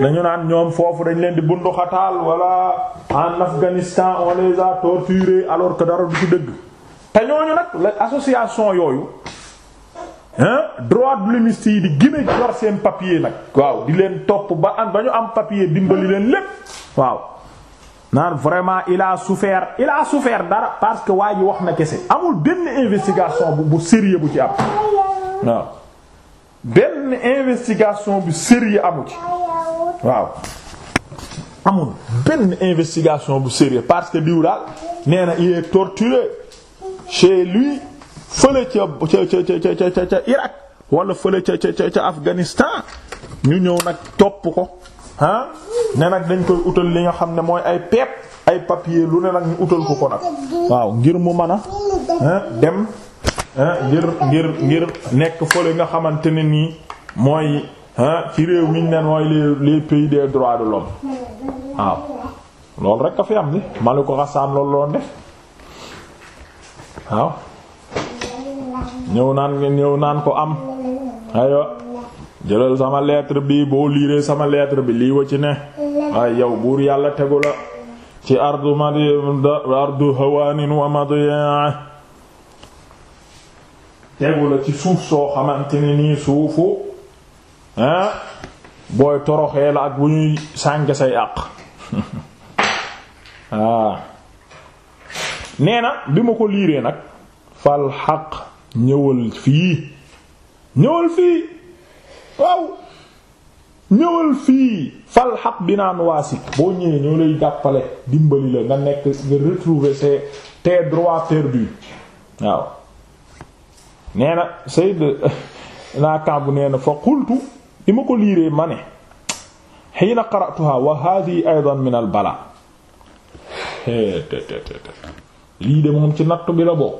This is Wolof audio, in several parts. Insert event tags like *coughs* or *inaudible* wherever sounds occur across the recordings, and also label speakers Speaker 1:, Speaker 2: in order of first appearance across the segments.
Speaker 1: dañu naan ñoom foofu dañu leen di bunduxataal wala en Afghanistan on les a torturés alors que dara du ci dëgg te ñooñu nag la association yooyu droit de l'hommiste yi di gën jor seen papier nag waaw di leen topp ba am ba ñu am papier dimbali leen lépp waaw naan vraiment il a souffert il a dara parce que waa ji wax na kese amul benn investigation bu bu bu ci am waaw benn investigation bu sérieux amu ci waaw amul benn investigation bu sérieux parce que diw daal nee na il est torturé chez lui fële ca ca ca wala fële ca ca ca Afghanistan ñu ñëw nag topp ko ah ne nag dañ koy utal li nga xam ne mooy ay peep ay papier lu ne nag ñu utal ko ko nag waaw ngir mu mën a ah, dem ah, ngir ngir ngir nekk fële nga xamante ne nii mooy ah ci réew mi ñu ne mooy les les pays des droits de waaw loolu rek a fi am ni Mali ko xasaan loolu loon def waaw ñëw naan ko am ayo jëlal sama lettre bi boo liiree sama lettre bi lii wa ci ne waaye yow buur yàlla tegu la ci ardu madi ardu hawaanin wa madiya tegu la ci suuf soo xamante ne nii suufu ah booy toroxee la ak bu ñuy sànke say àq waaw *laughs* ah. nee na bi ma ko liiree nag fal xaq ñëwal fii ñëwal fii waaw ñëwal fii fal xaq bi naan waasi boo ñëwee ñoo lay jàppale dimbali la nga nekk nga retrouver ses tes droits perdus waaw nee na Sayyid *laughs* naa Kaabu nee fa qultu bi ma ko liiree ma ne xiina qara'tuha wa hadhihi aydan min al bala lii de moom ci nattu bi la bokk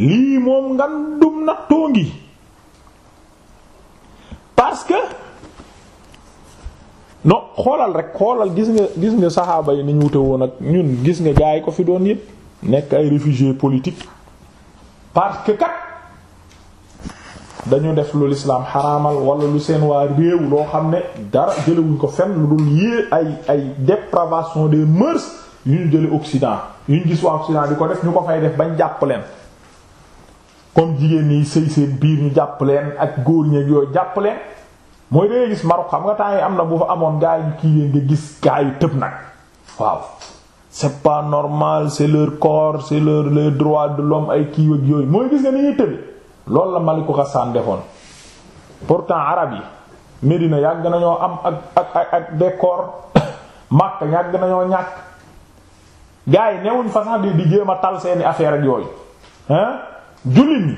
Speaker 1: lii moom ngandum nattoo ngi parce que non xoolal rek xoolal gis nga gis nga saxaaba yi ni ñu wute woon ak ñun gis nga gaay ko fi doon yépp nekk ay réfugiés politiques parce que kat dañu def lu lislaam xaraamal wala lu seen waa réew loo xam ne dara jëlewuñ ko fenn lu dul yée ay ay dépravation des mœurs yu ñu jële Occident yu ñu gis waa Occident di ko def ñu ko fay def bañ jàpp leen comme jigéen ñi sëy seen biir ñu jàpp leen ak góor ñeeg yooyu jàpp leen mooy da gis Maroc xam nga temps yi am na bu fa amoon gaa yi kii nga gis gaa yi tëb nag waaw c'est pas normal c'est leur corps c'est leur les droit de l'homme ay kii ak loolu la maliku Ghassan defoon temps arab yi Médina yàgg nañoo am ak ak ak ak décor *coughs* Makka yàgg nañoo ñàkk gars yi newuñ fa sax di jéem a tal seeni affaire ak yooyu hein jullit ñi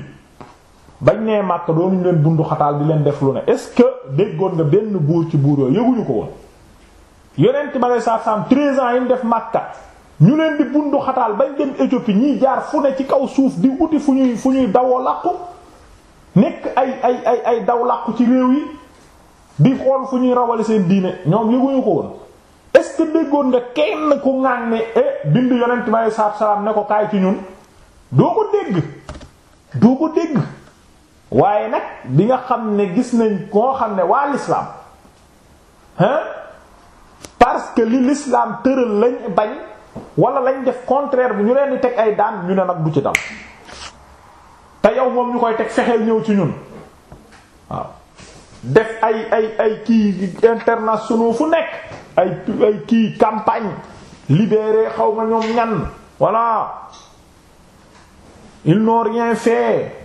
Speaker 1: bañ nee Makka doonuñu leen bundu xataal di leen def lu ne est-ce que déggoon nga benn buur ci buur yooyu yëguñu ko woon yonent ma lay saa saam 13 ans yi mu def Makka ñu leen di bundu xataal bañ dem Éthiopie ñiy jaar fu ne ci kaw suuf di wuti fu ñuy fu ñuy dawoo làqu nekk ay ay ay ay daw làqu ci réew yi di xool fu ñuy rawale seen diine ñoom yëguñu ko woon est-ce que déggoon nga kenn ku ŋaan ne eh, bind yonent bi aleyhi salaatu salaam ne ko kaay ci ñun doo ko dégg doo ko dégg waaye nag bi nga xam ne gis nañ koo xam ne waa l'islam hein parce que li l'islam tëral lañ bañ wala lañ def contraire bu ñu leen di teg ay daan ñu ne nag du ci dal te yow moom ñu koy teg fexeel ñëw ci ñun waaw def ay ay ay kii internationaux fu nekk ay ay kii campagne libéré xaw ma ñoom ñan voilà ils n'ont rien fait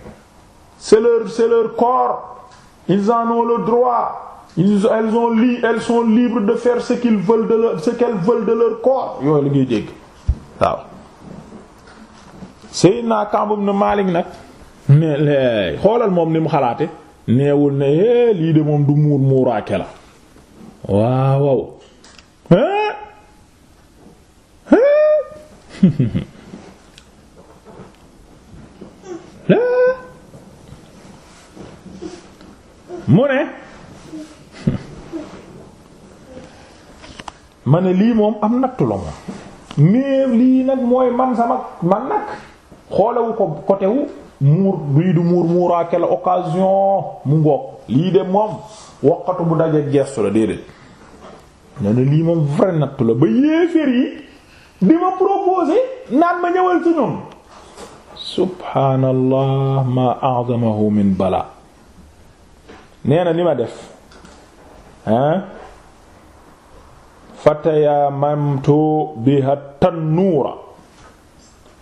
Speaker 1: c'est leur c'est leur corps ils en ont le droit ils elles ont li elles sont libres de faire ce qu'ils veulent de leur ce qu'elles veulent de leur corps yooyu la ngay dégg waaw Seydina Kaab ibn Malik nag mais xoolal moom ni xalaate neewul eh, lii de moom du muur muuraake la waaw lii moom am nattu la moom mais lii nag mooy man sama man nag xoolewu ko côté muur rii du muur muuraake la occasion mu ngoog lii de moom wokkatu bu dajeek gestu la déedéet nee na lii moom vrai nattu ba yéeféer yi di ma proposé naan ma ñëwal ci ñun subhaanallah ma a'zamahu min bala nee na ma def hein fatayamamtu biha tannuura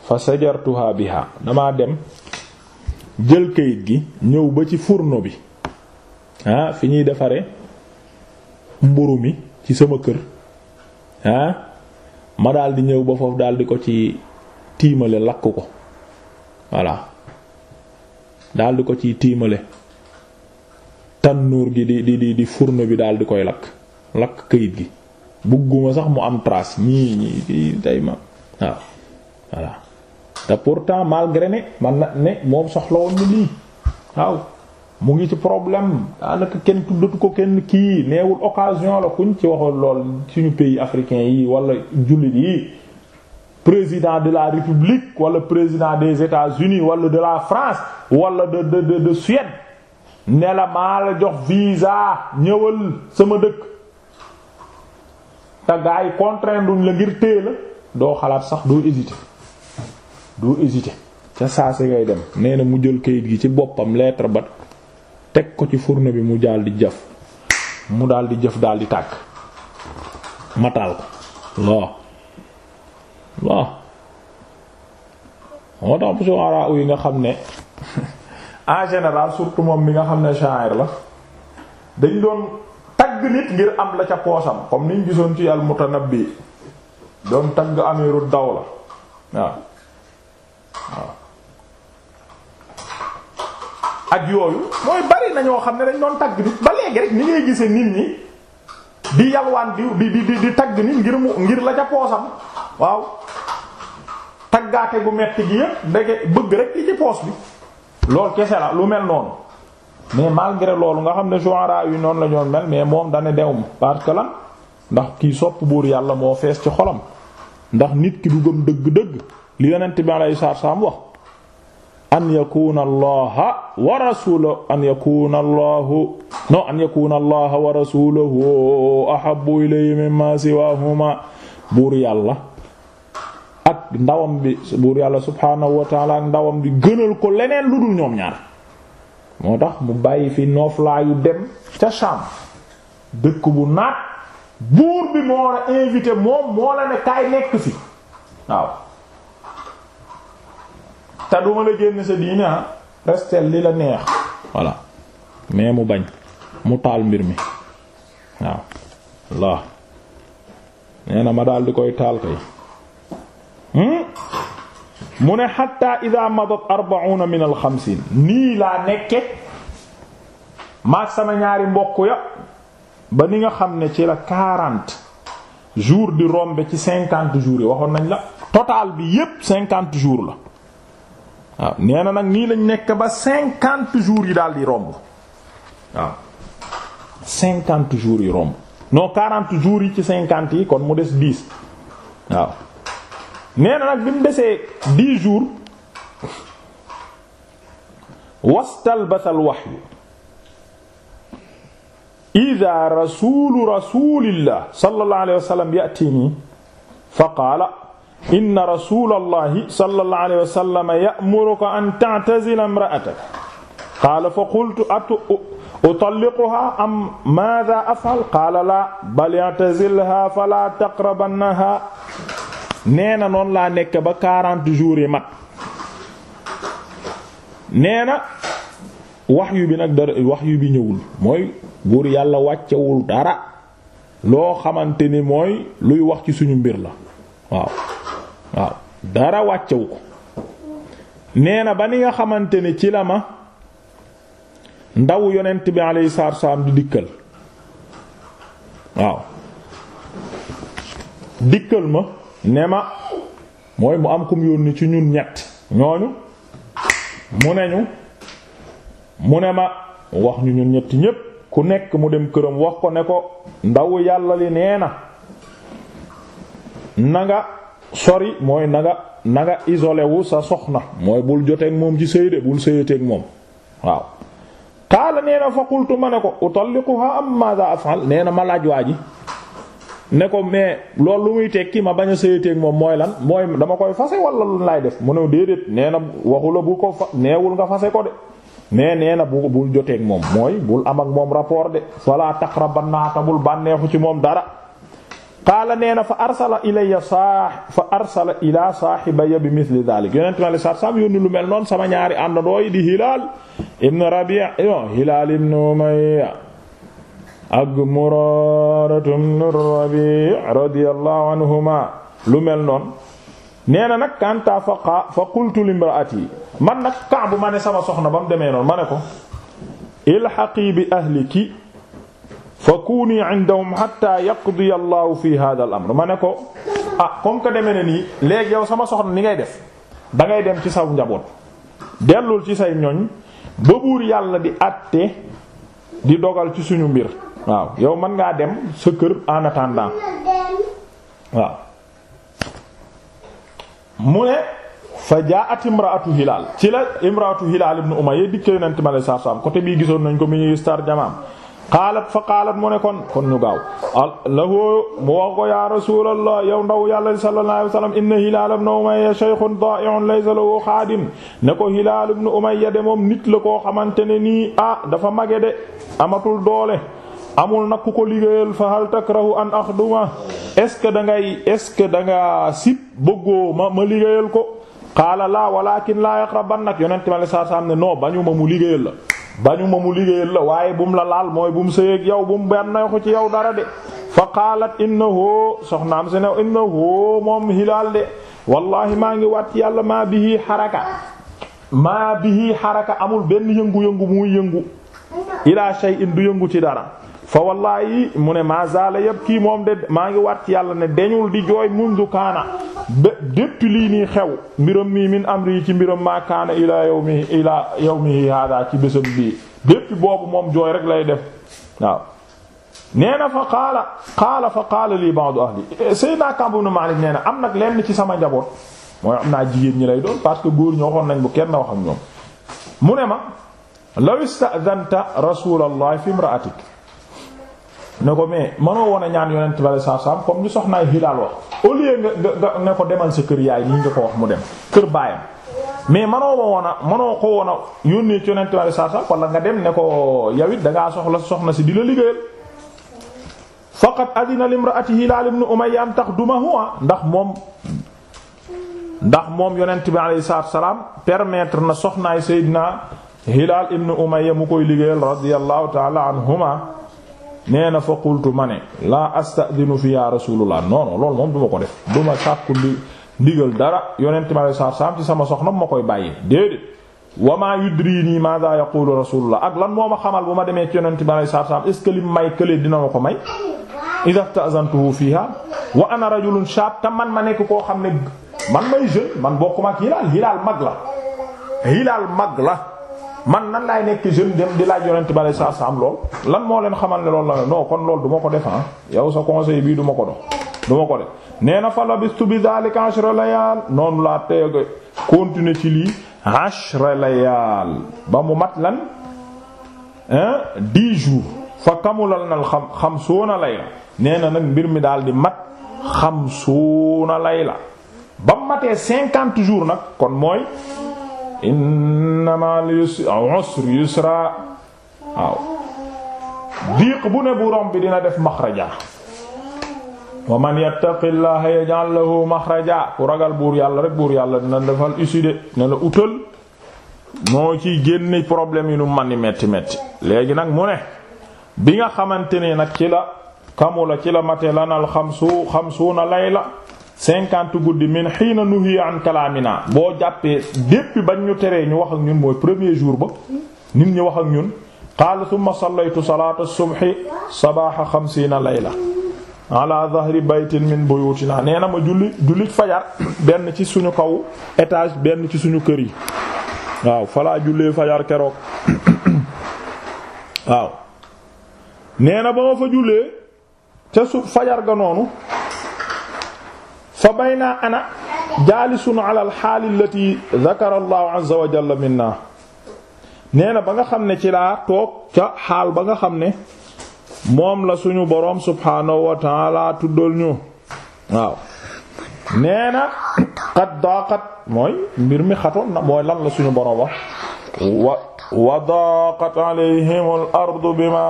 Speaker 1: fa sajartuha biha damaa dem jël kayit gi ñëw ba ci fourneau bi ah fi ñuy defare mburu mi ci sama kër ah ma daldi ñëw ba foofu daldi ko ci tiimale lakk ko voilà daldi ko ci tiimale tannuur gi di di di di bi daldi koy lakk lakk kayit gi bugguma sax mu am tras ñii ñii day ma waaw voilà te pourtant malgré ne man na ne moom soxla woon ni lii waaw mu ngi ci problème daanaka kenn tuddatu ko kenn kii neewul occasion la kuñ ci waxoon lool suñu pays africain yi wala jullit yi président de la république wala président des États-Unis wala de la France wala de de de de Suède la maa la jox visa ñëwal sama dëkk te gars yi contraindre duñ la ngir téye la doo xalaat sax doo hésiter. du hésiter ca saase ngay dem nee na mu jël kayit gi ci boppam lettre ba teg ko ci furne bi mu daal di jëf mu daal di jëf daal di tàkk mataal ko waaw waaw moo tax bu soo yi nga xam ne *laughs* en général surtout moom mi nga xam ne sha'ir la dañ doon tagg nit ngir am la ca poosam comme niñ gisoon ci al bi doon tagg amirul dawla waaw ak yooyu mooy bari na ñoo xam ne dañ doon tagg nit ba léegi rek ni ngay gisee nit ñi di yalwaan di di di di tagg nit ngir mu ngir la ca poosam waaw taggaate gu metti gi yépp ndege bëgg rek li ci poos bi loolu kese la lu mel noonu mais malgré loolu nga xam ne genre yi noonu la ñoon mel mais moom dane dewum parce que lan ndax kii sopp buur yàlla moo fees ci xolam ndax nit ki du gëm dëgg-dëgg li yonent bi alayhi salaam wax an yakuna allaha wa an yakuna allahu no an yakuna allaha wa rasuluhu ahabbu ilayhi mimma siwahuma buur yàlla ak ndawam bi buur yàlla subhaanahu wa taala ak ndawam bi gënal ko leneen lu dul ñoom ñaar moo tax mu bàyyi fi nooflaayu dem ca Sham dëkk bu naat buur bi moo la invité moom moo la ne kaay nekk fi waaw te duma la génn sa diine ah li la neex voilà mais mu bañ mu taal mbir mi waaw Allah nee ma daal di koy taal kay hmm? mu ne xatta ida madat arbauna min al nii laa nekke maag sama ñaari mbokk ya ba ni nga xam ne ci la quarante jours di rombe ci cinquante jours yi waxoon nañ la totaal bi yépp cinquante jours la waaw nee na nag nii lañ nekk ba cinquante jours yi daal di romb waaw cinquante jours yi romb no quarante jours yi ci cinquante yi kon mu des dix waaw nee na nag bi mu desee dix jours wastalbasal wahyu ida rasulu rasulillah wa sallam yatini fa qaala inna rasulallahi sallallahu alayhi wa sallam ya'muruka an ta'tazila imra'ataka qaala fa qultu utalliquha am maadha af'al qaala laa bal i'tazilha fala taqrabannaha nee na noonu laa nekk ba 40 jours mat neena na waxyu bi nag dara waxyu bi ñëwul mooy buur yàlla wàccewul dara loo xamante ni mooy luy wax ci suñu mbir la waaw waaw dara wàccewu ko nee na ba ni nga xamante ni ci la ma ndaw yonent bi alayhi salaatu wassalaam di dikkal waaw dikkal ma ne ma mooy mu am kum yónni ci ñun ñett ñooñu mu ne ñu mu ne ma wax ñu ñun ñetti ñépp ku nekk mu dem këram wax ko ne ko ndaw yàlla li nee na nanga sori mooy na nga na nga isolé wu sa soxna mooy bul joteeg moom ci sëy de bul sëyateeg moom waaw qaala nee na fa qultu ma ne ko utalliquha am madha af'al nee na ma laaj waa ji ne ko mais loolu lu muy tekki ma baña a moom mooy lan mooy dama koy fase wala lu laay def mu ne déedéet nee na waxu la bu ko fa neewul nga fase ko de mais nee na bu bul joteeg moom mooy bul am ak moom rapport de fala taqrabanna bul bànneexu ci moom dara qaala nee na fa arsala ilayya saax fa arsala ila saaxibaya bi misli dalik yonente mi alei satu salaam yónni lu mel noonu sama ñaari àndandoo yi di Hilaal ibn Rabi' yo Hilaal ibn Umayya ak Muraaratu ibn Rabi' radiyallahu anhuma lu mel noonu nee na nag kanta fa fa qultu limraati man nag Ka'b ma ne sama soxna ba mu demee noonu ma ne ko ilhaqi bi ahliki fa kuuni indahum hatta yaqdiya allahu fi hadha al amr ma ne ko ah comme que demee na nii léegi yow sama soxna ni ngay def dangay dem ci saw njaboot dellul ci say ñoñ ba buur yàlla di àtte di dogal ci suñu mbir waaw yow mën ngaa dem sa kër en attendant waaw mu ne fa jaa'at imra'atu hilaal ci la imra'atu hilaal ibn umayya dikkee nante ma lay saar saam côté bii gisoon nañ ko mi ñuy star jamaam xaalat fa xaalat mu kon kon ñu gaaw lahu mu wax ko ya rasulallah yow ndaw yàlla sallallahu alayhi wa sallam inna Hilaal ibn Umayya shaykhun daa'un laysa lahu xaadim ne ko Hilaal ibn Umayya de moom nit la koo xamante ne nii ah dafa mage de amatul doole amul nag ku ko liggéeyal fa hal takrahu an axduma est-ce que da ngay est-ce que da nga sib bëggoo ma ma liggéeyal ko qaala laa walakin laa yaqraban nag yonente mi sallallahu alayhi wa sallam ne non bañu mu liggéeyal la bañu ma mu liggéeyal la waaye bu la laal mooy bu mu sëyeeg yow bu mu bennayxu ci yow dara de fa qaalat innahu soxnaam si ne innahu moom hilaal de wallahi maa ngi wàcc yàlla maa bihi xaraka maa bihi xaraka amul benn yëngu-yëngu muy yëngu ilaa shay'in du yëngu ci dara fa wallaahi mu ne maa zaala yëpp kii moom de maa ngi waat yàlla ne deñul di jooy mundu kaana ba depuis lii nii xew mbiram mii min amri ci mbiram maa kaana ilaa yawmi ilaa yawmi haadaa ci bésam bii depuis boobu moom jooy rek lay def waaw nee na fa qaala qaala fa qaala lii ba'du ahli Seydina am nag lenn ci sama njaboot mooy am naa jigéen ñi lay doon parce que góor ñoo nañ bu kenn wax ak ñoom mu ne ma law ista'dhanta rasuulallahi fi imra'atik ne ko mais mënoo woon a ñaan yonent bale saa saam comme li soxnaay Hilaal wax au nga nga ne ko demal sa kër yaay nii nga ko wax mu dem kër baayam mais mënoo ma a mënoo ko woon yónnee ci yonent bale saa saam wala nga dem ne ko yow it da ngaa soxla soxna si di la liggéeyal. faqad adina limraati Hilaal ibn Umayya am tax du ma ndax moom ndax moom yonent bi alayhi salaam permettre na soxnaay Seydina Hilaal ibn Umayya mu koy liggéeyal radiyallahu nee na fa ma ne laa astadinu fi ya rasulullah non non loolu moom du ma ko def du ma sàkku ndi ndigal dara yonent ma lay saar saam ci sama soxna ma koy bàyyi déedéet wa maa yudrini madha yaqulu rasulullah ak lan moo ma xamal bu ma demee ci yonent ma lay saar saam est ce que lim may kële dina ma ko may idha ta'zantuhu fiha wa ana rajulun shab tam man ma nekk koo xam ne man may jeune man bokkuma ak Hilaal Hilaal mag la Hilaal mag la man nan laay nekk jeune dem di laaj yonent bi saa saa lool lan moo leen xamal ne loolu la non kon loolu du ko def ah yow sa conseil bii du ko dox du ko def na fa bi dhalika ashra layal noonu laa teege continuer ci lii ashra layal ba mu mat lan dix jours fa kamulal nal xam xamsuuna layla nee na nag mbir mi daal di mat xamsuuna layla ba mu matee cinquante jours nag kon mooy inna ma'al usri yusra waaw diiq bu ne borom bi dina def maxraja wa man yattaqi llaha yaj'al lahu ragal buur yàlla rek buur yàlla dina defal ussi de ne la utal moo ci génne problème yi nu man ni metti metti léegi nag mu ne bi nga xamante ne nag ci la kamu la ci la mate lanal xamsu xamsuuna la cinquante guddi min xiina nuhiya an kalaamina boo jàppee depuis bañ ñu teree ñu wax ak ñun mooy premier jour ba nit ñu wax ak ñun qaala thumma sallaytu salaata subhi sabaaha xamsiina layla ala dhahri baytin min buyutina nee na ma julli julli fajar benn ci suñu kaw étage benn ci suñu kër yi waaw falaa jullee fajar keroog waaw nee na ba ma fa jullee ca su fajar ga fa bayna ana jaalisun ala alxaali allati dakara allahu azza wa jalla minna nee na ba nga xam ne ci laa toog ca xaal ba nga xam ne moom la suñu boroom subhaanahu wa taala tuddal ñu waaw nee na qad daqat mooy mbir mi xatoon na mooy lan la suñu boroom wax wa wa daqat alayhim al ardu bima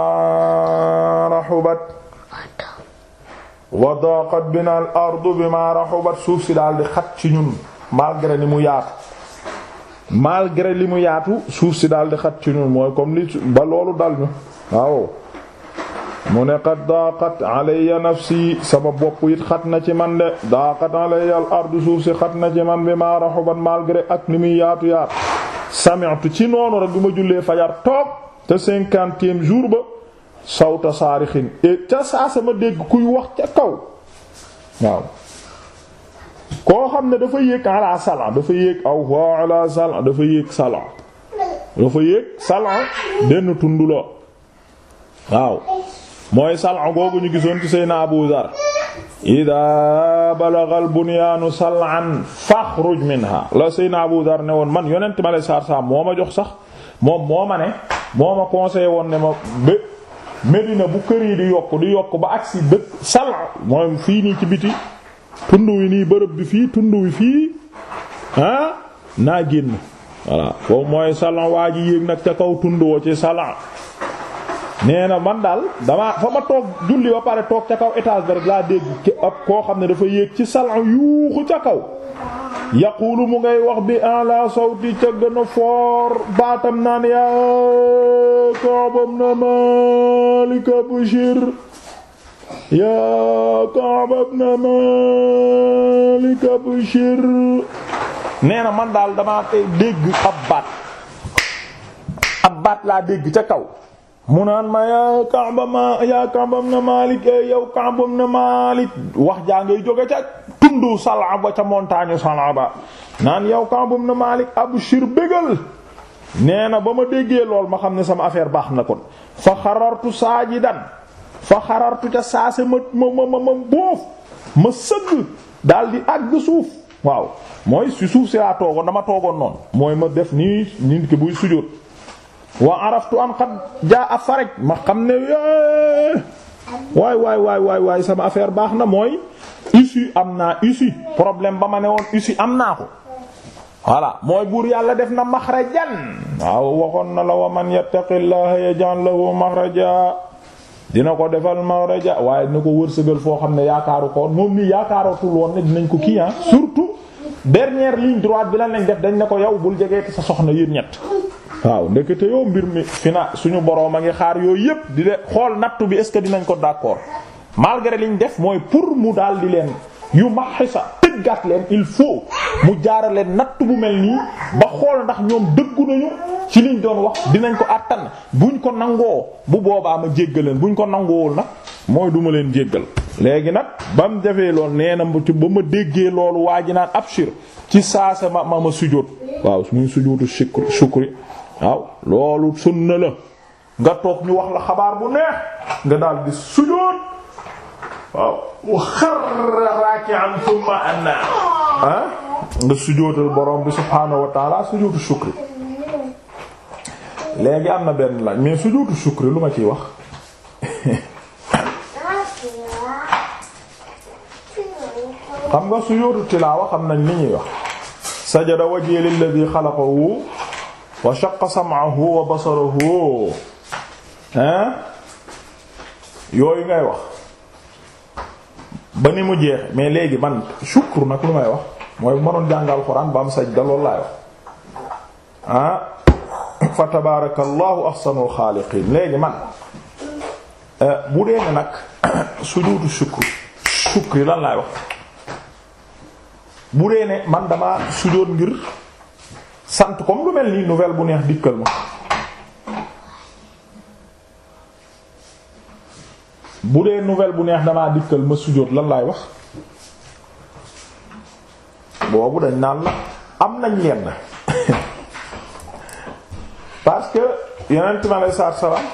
Speaker 1: rahubat wa daqat bina al ardu bima rahubat suuf si daal di xat ci ñun malgré ni mu yaatu malgré li mu yaatu suuf si daal di xat ci ñun mooy comme li ba loolu dal ñu waaw mu ne qad daqat alayya nafsi sama bopp it xat na ci man de daqat alayya na ci man bima rahubat malgré ak li muy yaatu yaatu sami'tu ci noonu rek bi ma jullee fajar toog te cinquantième jour ba sawta saarixin e, ca saa sama dégg kuy wax ca kaw waaw koo xam ne dafa yéeg ala sala dafa yéeg aw wa ala sala dafa yéeg sala dafa yéeg sala denn tund la waaw mooy sala googu ñu gisoon ci Seydina Abu Zar ida balagal bunyaanu salan faxruj minha la Seydina Abu Zar ne woon man yonent ma lay sar sa moo ma jox sax moom moo ma ne moo ma conseillé woon ne ma bé Medina bu kër yi di yokk di yokk ba agsi dëkk sal mooy fii nii ci biti tund wi nii bërëb bi fii tund wi fii ah naa génn voilà boobu mooy salan waa ji yéeg nag ca kaw tund woo ci salan nee na man daal damaa fa ma toog julli ba pare toog ca kaw étage bi rek laa dégg ab koo xam ne dafa yéeg ci salon yuuxu ca kaw yaqulu mu ngay wax bi ala sawti ca gën a foor baatam naan ya kaabam na malika bashir ya kaabam na malika bashir nee na man daal damaa dégg ab baat ab baat laa dégg ca kaw mu naan ma yaa Kaaba ma yaa Kaaba na Malik eh, yow Kaaba na Malik wax jaa jóge ca tundu Salaba ca montagne ba naan yow Kaaba na Malik abshir bégal nee na ba ma déggee lool ma xam ne sama affaire baax na kon fa xarartu saajidan fa xarartu ca saase ma ma ma ma boof ma sëgg daal di àgg suuf waaw mooy si suuf si laa toogoon dama toogoon noonu mooy ma def nii nit ki buy sujjóot wa araftu an qad jaa faraj ma xam ne eh, waay waay waay waay waay sama affaire baax na mooy ici am naa ici problème ba ma ne woon ici am naa ko voilà mooy buur yàlla def na maxrajan waaw waxoon na la wa man yattaqillaha yaj'al lahu maxraja dina ko defal maxraja waaye dina ko wërsëgal foo xam ne yaakaaru ko moom nii yaakaaratul woon ne dinañ ko kii ah surtout dernière ligne droite bi lan lañ def dañ ne ko yow bul jege sa soxna yéen ñett waaw ndekete yoo mbir mi fina suñu boroom a ngi xaar yooyu yépp di de xool nattu bi est-ce que dinañ ko d'accord malgré liñ def mooy pour mu daal di leen yu maxisa tëggaat leen il faut mu jaara leen nattu bu mel nii ba xool ndax ñoom dëggu nañu ci liñ doon wax dinañ ko àttan buñ ko nangoo bu boobaa ma jéggaleen buñ ko nangoowul nag mooy duma leen jéggal léegi nag bam mu lool loolu nee na ba ma déggee loolu waa ji naan abshir ci saa sa ma ma ma sujjóot waaw muy sujjóotu shukri waaw loolu sunna la nga toog ñu wax la xabaar bu neex nga daal di sujood waaw wa xarra raki'an thumma anna ah nga sujootal borom bi subhaanahu wa taala sujootu shukri léegi am na benn laaj mais sujootu shukri lu ma ciy wax *laughs* xam nga sujootu tilaawa xam nañ li ñuy wax sajada wajhi lilladhi xalaqahu wa shaqqa sam'ahu wa basarahu hein yooyu ngay wax ba ni mu jeex mais léegi man shukru nag lu may wax mooy bu ma doon alxuraan ba am sajda loolu laay wax ah fa tabarakallahu ahsanul xaaliqiin léegi man eh, bu dee ne nag *coughs* sujuudu shukru shukri lan laay wax bu dee ne man dama sujood ngir sant comme lu mel nii nouvelle bu neex dikkal ma bu dee nouvelle bu neex damaa dikkal ma sujjóot lan laay wax boobu dañ naan la am nañ lenn *laughs* parce que yeneen time alay salaam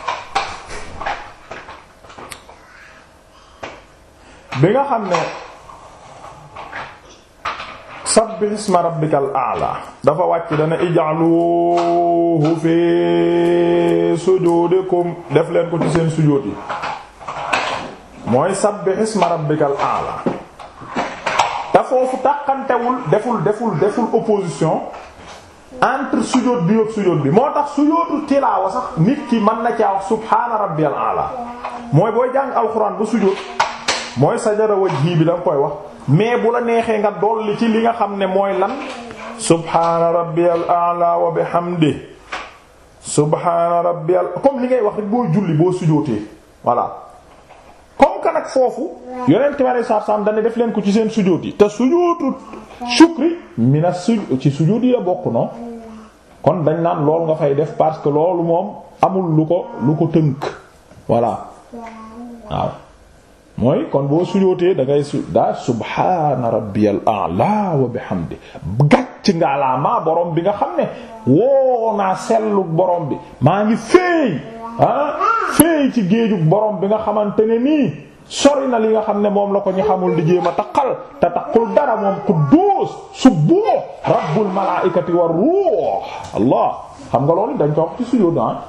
Speaker 1: bi nga xam ne sabbih isma rabbikal a'la dafa wàcc dana ij'aluhu fi sujudikum def leen ko ci seen sujóot yi mooy sabbih isma rabbikal a'la te foofu tàqantewul deful deful deful opposition entre sujóot bi ak sujóot bi moo tax sujóotu tilaawa sax nit ki mën na caa wax subhaana rabbiyal a'la mooy booy jàng alxuraan ba sujóot mooy sajara jii bi da koy wax mais bu la neexee nga dolli ci li nga xam ne mooy lan subhaana rabbiyal a'la wa bihamdi subhaana rabbiyal comme li ngay wax rek boo julli boo sujootee voilà comme que nag foofu yonent bi alayhi salaam dana def leen ko ci seen sujoot yi te sujootu shukri mina su ci sujoot yi la bokk non kon dañ naan lool nga fay def parce que loolu moom amul lu ko lu ko tënk voilà waaw mooy kon boo sujootee da ngay su daa subhaana rabbiyal a'la wa bihamdi gàcc nga laa maa borom bi nga xam ne woo naa sellu borom bi maa ngi feey ah feey ci géejug borom bi nga xamante ne nii sori na li nga xam ne moom la ko ñu xamul liggéey ma taqal te taqul dara moom quddus subbuh rabbul malaa'ikati war ruuh allah xam nga loolu dañ ko wax ci sujoot ah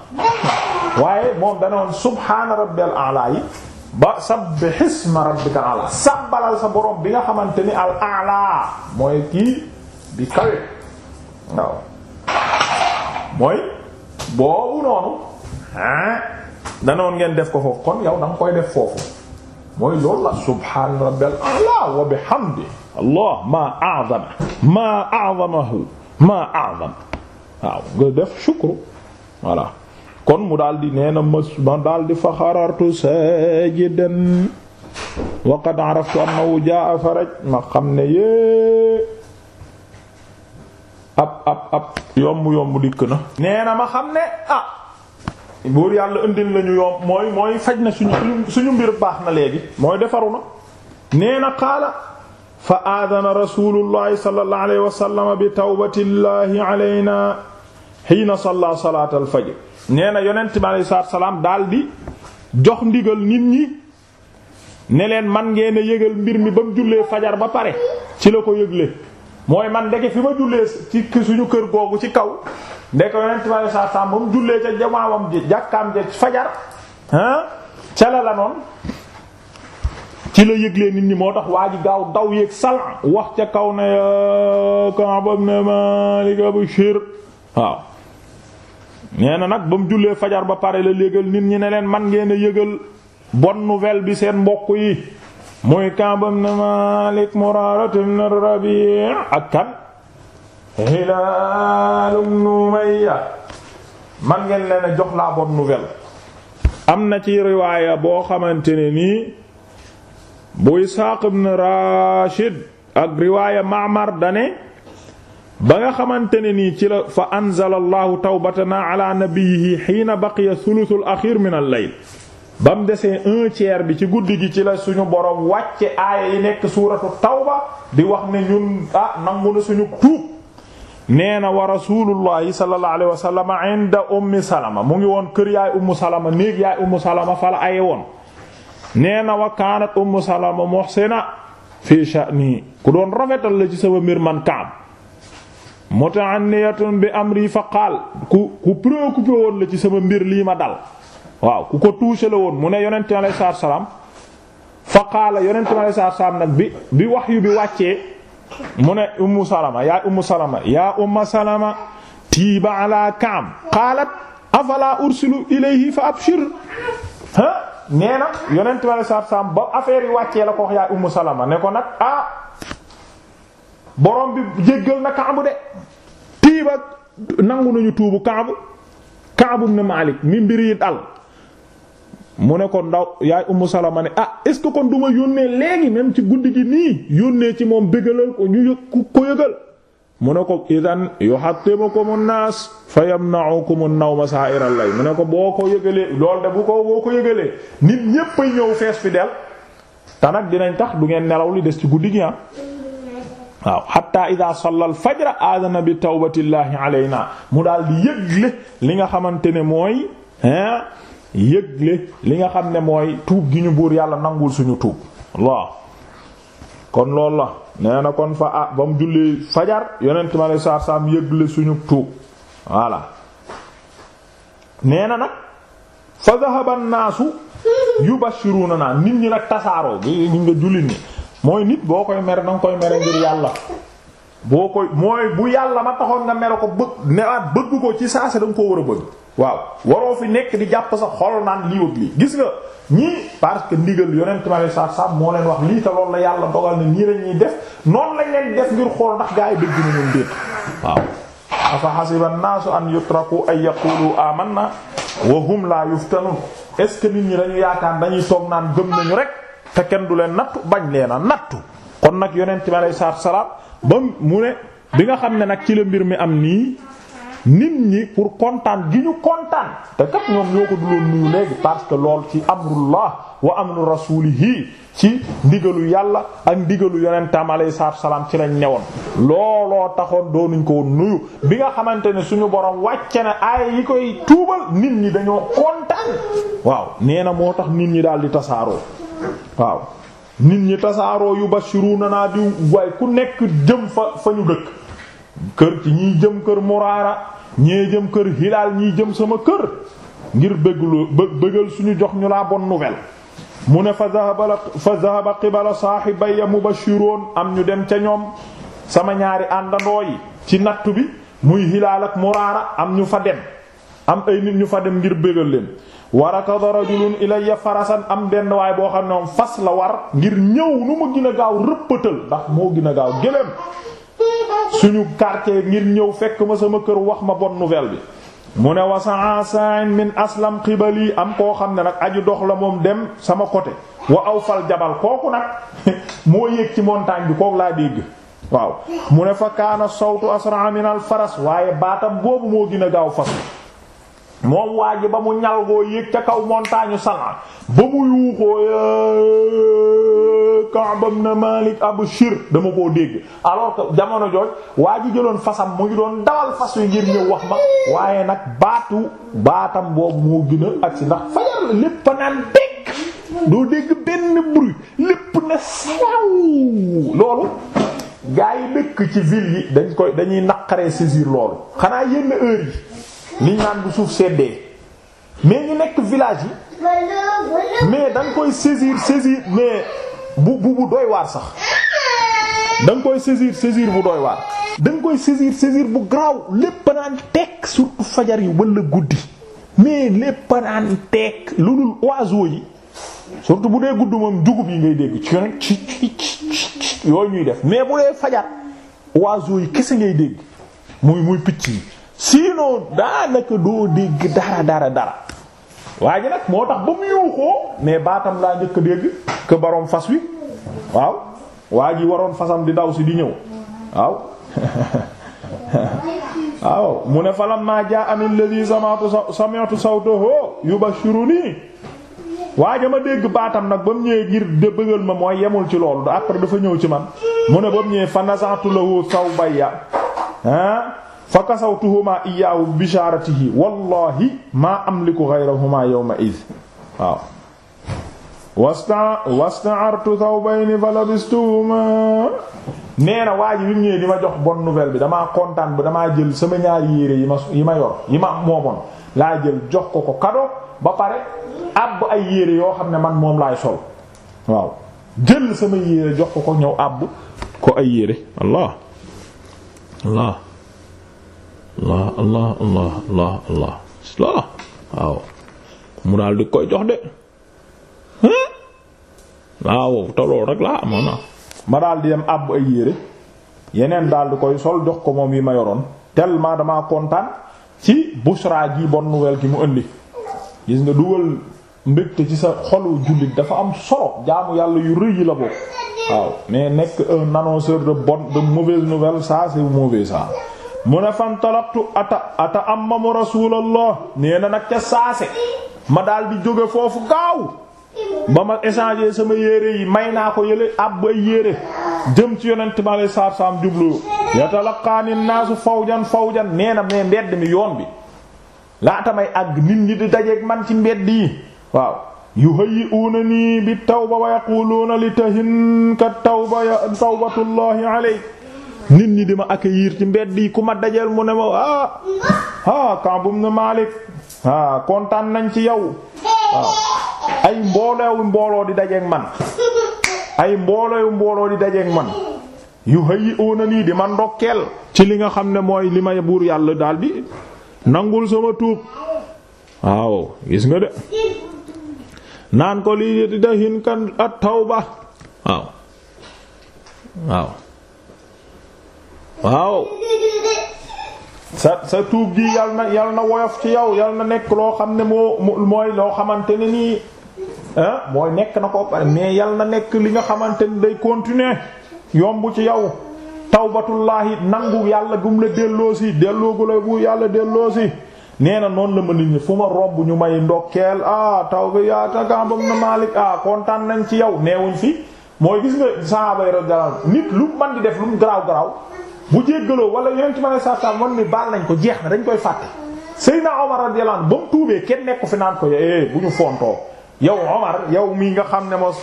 Speaker 1: waaye moom danoon subhaana rabbiyal a'la yi ba sabbih isma rabbika ala sabbalal sa borom bi nga xamante ni ala mooy kii bi kawe waaw mooy boobu noonu ah danoon ngeen def ko foofu kon yow da koy def foofu mooy loolu la subhaana rabbil ala wa bihamdi allah ma a'zama ma a'zamahu ma a'zam waaw nga def shukru voilà kon mu daal di nee na mas ma daal di fa xarartu sajidan wa qad araftu annahu jaa faraj ma xam ne yée ab ab ab yomb yomb dikk na ma xam ne ah buur yàlla indi lañu yomb mooy mooy faj na suñu suñu mbir baax na léegi mooy defaru na nee na qaala fa aadana rasulullahi sallallahu alayhi wa sallam bi tawbatillahi alayna hiina salla salaatal fajr nee na yonent bi alayhi salaatu salaam daal di jox ndigal nit ñi ne leen man ngeen a yëgal mbir mi ba mu jullee fajar ba pare ci la ko yëgle mooy man ndeke fi ma jullee ci suñu kër googu ci kaw ndeke yonent bi alayhi salaam ba mu jullee ca jamaawam ji jàkkaam ja fajar ah ca la noon ci la yëglee nit ñi moo tax waa ji gaaw daw yeeg salan wax ca kaw ne Ka'b ibn Malik Abu waaw nee na nag ba mu jullee fajar ba pare la léegal nit ñi ne leen man ngeen a yëgal bonne nouvelle bi seen mbokk yi muy kambam na Malik Murarat ibn Rabi' ak kan Hilaal ibn Umayya man ngeen leen a jox la bonne am na ci riwaaya boo xamante ne nii bu Isaaq ibn Rashid ak riwaaya Ma'mar dane ba nga xamante ne nii ci la fa anzala allahu tawbatana ala nabiyihi xiina baqiya sulusul axir min al layl ba mu desee un tiers bi ci guddi gi ci la suñu borom wàcce aaya yi nekk suuratu tawba di wax ni ñun ah nangu na suñu tuub nee na wa rasulullahi sallallahu wa mu ngi woon kër yaay ummu salama néeg yaay ummu salama fala aye woon nee na wa kaanat ummu salama muhsina fi sha'ni ku doon rafetal la ci sama mbir man kaam muta'anniyatun bi amri fa qaal ku ku woon la ci sama mbir lii ma dal waaw ku ko touché la woon mu ne yonent mi fa qaala yonent mi nag bi bi wahyu bi wàccee mu ne ummu salama yaa ummu salama yaa umma salama tiiba ala kaam qaalat afala ursilu ilayhi fa abshir ha nee na yonent ba affaire yi wàccee la ko wax yaa ne ko nag ah borom bi jéggal na Kaabu de tiiba nangu nañu tuubu Kaabu Kaabu ibn Malik mi mbir yi dal mu ne ko ndaw yaay Ummu Salama ne ah est ce que kon du ma yónnee léegi même ci guddi gi nii yónnee ci moom bégalal ko ñu yëg ko yëgal mu ne ko ko idan yuhattimukum ko nas naw ma nawma sa'iral lay mu ne ko boo ko yëgalee lool de bu ko boo ko yëgalee nit ñépp ñëw fees fi del te dinañ tax du ngeen nelaw li des ci guddi gi ah waaw hatta ida salla al fajra aadana bi tawbatillahi alayna mu daal di yëgle li nga xamante ne mooy hein yëgle li nga xam ne mooy tuub gi ñu buur yàlla nangul suñu tuub waaw kon loolu la nee na kon fa ah ba mu julli fajar yonent ma lay saar saam yëgle suñu tuub voilà nee na nag fa dhahaba an-naasu yubashiruna naa nit ñi nag tasaaroo gi nga jullit ñi mooy nit boo koy mere na koy mere ngir yàlla boo koy mooy bu yàlla ma taxoon nga mere ko bëgg newaat bëgg ko ci saa si da nga war a bëgg waaw waroo fi nekk di jàpp sa xol naan lii wëg lii gis nga ñii parce que ndigal yonent ma le sa sam moo leen wax lii te loolu la yàlla dogal ne nii lañ ñuy def noonu lañ leen def ngir xool ndax gaa yi dëgg nañu ndéet waaw afa hasiba an-nasu an yutraku ay yaqulu amanna wa hum la yuftanun est ce que dañuy toog naan gëm nañu rek te kenn du leen nattu bañ leen a nattu kon nag yonent bi alayhi salaatu salaam ba mu ne bi nga xam ne nag ci la mbir mi am nii nit ñi pour kontaan gi ñu kontaan te kat ñoom ñoo ko duloon nuyu léegi parce que lool ci amrullah wa amru rasulihi ci ndigalu yàlla ak ndigalu yonentam alayhi salaatu salaam ci lañ newoon looloo taxoon doonuñ ko woon nuyu bi nga xamante ne suñu borom wàcce na ay yi koy tuubal nit ñi dañoo kontaan waaw nee na moo tax nit ñi daal di tasaaroo waaw nit ñi tasaaroo yu bashiruna naa di waaye ku nekk jëm fa fa ñu dëkk kër ci ñiy jëm kër Muraara ñee jëm kër Hilaal ñiy jëm sama kër ngir bëgglu bëggal suñu jox ñu la bonne nouvelle mu ne fa zahaba fa zahaba qibala saahibaya mubashiroon am ñu dem ca ñoom sama ñaari àndandoo yi ci nattu bi muy Hilaal ak Muraara am ñu fa dem am ay nit ñu fa dem ngir bégal leen wa rakada rajulun ilayya farasan am benn waay boo xam ne moom fas la war ngir ñëw nu ma gën a gaaw rëppatal ndax moo gën a gaaw gëléem suñu quartier ngir ñëw fekk ma sama kër wax ma bonne nouvelle bi mu ne wasaa sa'in min aslam xibali am koo xam ne nag aju dox la moom dem sama côté wa aw fal jabal kooku nag *laughs* moo yéeg ci montagne bi kooku laa dégg waaw mu ne fa kaana sawtu asra faras waaye baatam boobu moo gën a gaaw fas moom waa ji ba mu ñalgoo yéeg ca kaw montagne sana ba mu yuuxoo ya Ka'b ibn Malik abshir dama koo dégg alors que jamono jooj waa ji jëloon fasam mu ngi doon dawal fas yu ngir ñëw wax ma waaye nag baatu baatam boobu moo gën a agsi ndax fajar lépp naan dégg doo dégg benn bruit lépp na saw loolu gaa yi dëkk ci ville yi dañ koy dañuy naqaree saisir loolu xanaa yenn heure yi liñ naan bu suuf seddee mais ñu nekk village yi mais da nga koy saisir saisir mais bu bu bu doy waar sax da koy saisir saisir bu doy waar. da koy saisir saisir bu graaw lépp naan tekk surtout fajar yi wala guddi mais lépp naan tekk lu dul oiseaux yi surtout bu dee gudd moom dugub yi ngay dégg ci yoon ci ci yooyu ñuy def mais bu dee fajar oiseaux yi kese ngay dégg muy muy picc yi. sinon daanaka doo dégg dara dara dara waa nag moo tax ba mu yuuxoo mais baatam laa njëkk a dégg que fas wi waaw waa ji waroon fasam di daw si di ñëw waaw *laughs* mu ne falam maa jaa am alladhi sami'tu sami'tu sawtahu yubashiruni waa ja ma dégg baatam nag ba mu ñëwee ngir de bëggal ma mooy yemul ci loolu après dafa ñëw ci man mu ne ba mu ñëwee fa nasaatu lahu sawbaya ah fa kasawtuhuma iyaahu bishaaratihi wallahi maa amliku ghayrahuma yawma id waaw wasta wasta'artu thawbayni falabistuhuma nee na waa ji bi mu ñëwee di ma jox bon nouvelle bi damaa kontaan ba damaa jël sama ñaari yére yi ma yi ma yor yi ma moomoon laa jël jox ko ko cadeau ba pare àbb ay yére yoo xam ne man moom laay sol waaw jël sama yére jox ko ko ñëw àbb ko ay yére allah allah allah allah allah allah waaw mu daal koy jox de waaw tolool rek laa am na ma daal di àbb ay yére yeneen daal koy sol jox ko moom yi ma yoroon tellement damaa kontaan ci bushra gi bonne nouvelle gi mu indi gis nga dugal mbégte ci sa xolu jullit dafa am solo jaamu yàlla yu rëy yi la bokk waaw mais nekk un annonceur de bonne de mauvaise nouvelle ça c'est mauvais ça mu ne fantalaqtu ata ata ammamu rasulallah nee na nag ca saase ma daal di jóge foofu gaaw ba ma échanger sama yére yi may naa ko yële ab ay yére jëm ci yonent ma lay saar saam jublu yatalaqaani naasu fawjan fawjan nee na mais mbedd mi yoon bi laata may àgg nit ñi di dajeeg man ci mbedd yi waaw yuhayyi'unani bit tawba wa yaquluna li tahin kat tawba tawbatullahi alayk nit ñi di ma yiir ci mbedd yi ku ma dajeel mu ne ma ah ah Kaabum na Malik ah kontaan nañ ci yow waaw ah, ay mbooloo mbooloo di dajeek man ay mbooloo mbooloo di dajeek man yu hëyi óona nii di ma ndokkeel ci li nga xam ne mooy li may buur yàlla daal bi nangul sama tuub waaw gis nga de naan ko lii di dahin kan at tawba waaw waaw waaw sa sa tuub gi yal na yal na woyof ci yow yal na nekk loo xam ne moo mooy loo xamante ne nii ah, mooy nekk na ko pare mais yal na nekk li nga xamante ni day continuer yomb ci yow tawbatullahi nangu yàlla gum la delloosi delloogu la bu yàlla delloosi nee na noonu la ma nit ñi fu ma robb ñu may ndokkeel ah taw bi yaa tagambam na Malik ah kontaan nañ ci yow neewuñ fi mooy gis nga sahaaba yi radiyallahu nit lu man di def lum mu garaaw garaaw bu jéggaloo wala yonent ma ne saa saa man ni baal nañ ko jeex na dañ koy fàtte Seydina Omar radiyallahu anhu ba mu tuubee kenn nekku fi naan ko eh bu ñu fontoo yow yow mii nga xam ne mos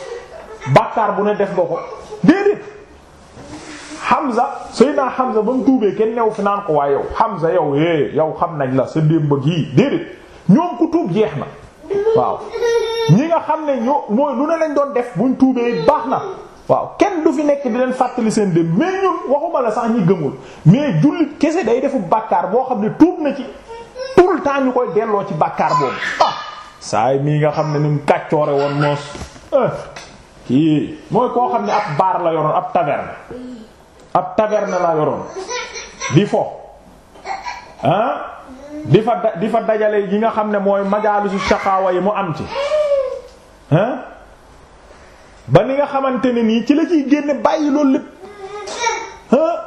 Speaker 1: bàkkaar bu ne def nga ko déedéet. Hamza Seydina Hamza ba mu tuubee kenn newu naan ko waaye yow Hamza yow eh, yow xam nañ la sa démb gii déedéet ñoom ku tuub jeex na waaw ñi nga xam ne ñoo mooy lu ne lañ doon def buñ tuubee baax na. waaw kenn du fi nekk di leen fàttali seen dem mais ñun waxuma la sax ñi gëmul mais jullit kese day defu bàkkaar boo xam ne tuub na ci tout ñu koy delloo ci bàkkaar boobu ah saay mii nga xam ne ni mu kàccoore woon moos eh! kii mooy koo xam ne ab baar la yoroon ab taverne ab taverne la yoroon di fo ah di fa dajale yi nga xam ne mooy majaalisu shaqaawa yi mu am ci ah ba ni nga xamante ne nii ci la ciy génne bàyyi loolu lépp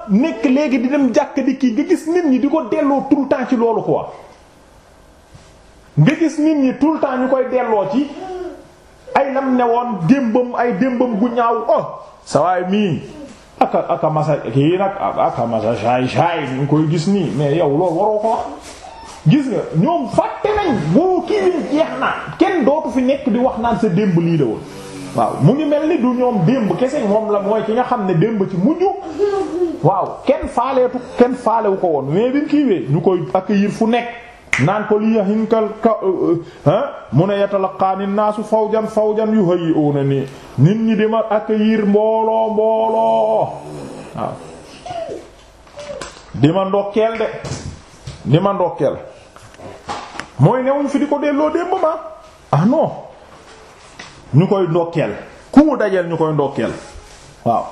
Speaker 1: nekk léegi di dem jàkk di kii nga gis nit ñi di ko delloo tout le temps ci loolu quoi nga gis nit ñi tout le temps ñu koy delloo ci ay nam ne woon démbam ay démbam gu ñaaw oh sawaay mii aka aka masa kii nag aka ñu koy gis nii mais yow loolu waroo ko wax gis nga ñoom fàtte nañ boo kii jeex na kenn dootu fi nekk di wax naan sa démb lii la woon waaw mu ngi mel ni du ñoom démb kese moom la mooy ki nga xam ne démb ci mujj waaw kenn faaleetu kenn faalewu ko woon mais bi mu kiiwee ñu koy accueillir fu nekk naan ko li yahinkal ka uh, uh, ah, mu ne yatalaqaani naasu fawjan fawjan yuhayyi'una ni nit ñi di ma accueillir mbooloo mbooloo waaw di ma ndokkeel de di ma ndokkeel mooy newuñ fi di ko delloo démb ma ah non ñu koy ndokkeel ku mu ñu koy ndokkeel waaw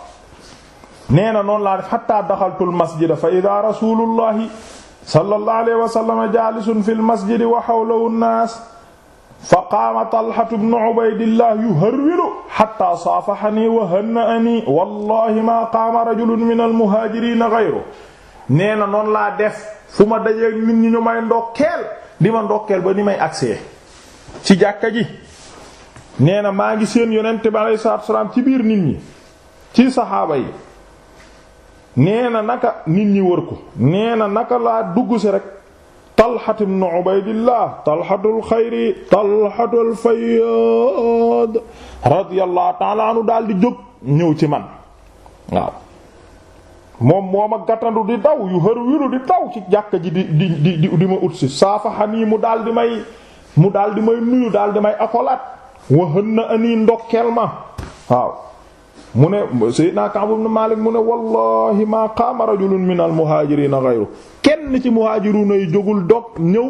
Speaker 1: nee na noonu laa def xatta daxaltu almasjida fa ida rasulullahi sallallahu alayhi wa sallam jalisun fi almasjidi wa hawlahu an-nas fa qaama talhatu bnu ubaydillah yuharwilu xatta saafahani wa hanna'ani wallahi ma qaama rajulun min almuhaajirina ghayru nee na noonu laa def fu ma dajee nit ñi ñu may ndokkeel di ma ndokkeel ba ni may agsee ci jàkka ji nee na maa ngi seen yonent bi aleyhi salaatu ci biir nit ñi ci saxaaba yi nee na naka nit ñi wër ko nee naka laa dugg si rek talxat ibnu ubaydillah talxatul xayri talxatul fayyad radiyallahu ta'ala anhu daal di jóg ñëw ci man waaw moom moo ma di daw yu hër wiru di daw ci jàkka ji di di di di ma ut si saafaxan yi mu daal di may mu daal di may nuyu daal di may akolaat waxën na anii ndokkeel ma waaw mu ne Seydina Ka'b ibn Malik mu ne wallahi maa qaama rajulun min al muhaajiriina ghayru kenn ci muhaajiruuna yi jógul dog ñëw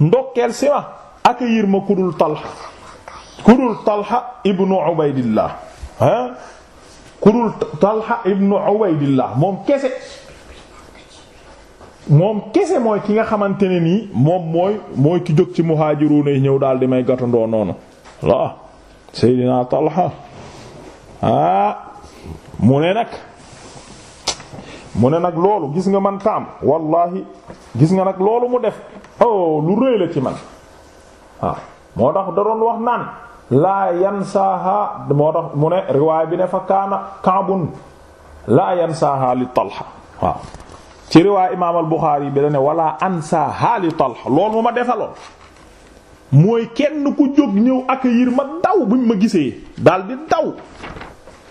Speaker 1: ndokkeel si ma accueillir ma kudul Talha kudul Talha ibnu Ubaydillah ah kudul Talha ibnu Ubaydillah moom kese moom kese mooy ki nga xamante ne nii moom mooy mooy ki jóg ci muhaajiruuna yi ñëw daal di may gatandoo noonu la Seydina ah mu ne nag mu ne nag loolu gis nga man taam wallahi gis nga nag loolu mu def oh lu rëy la ci man ah, moo tax da doon wax naan laa yansaaha moo tax mu ne riwaay bi ne fa kaana kaabun laa yansaaha li Talha waaw ci riwaay imaam al Buxaari bi da ne wala ansaaha li Talha loolu mu ma defaloon mooy kenn ku jóg ñëw accueillir ma daw buñ ma gisee daal di daw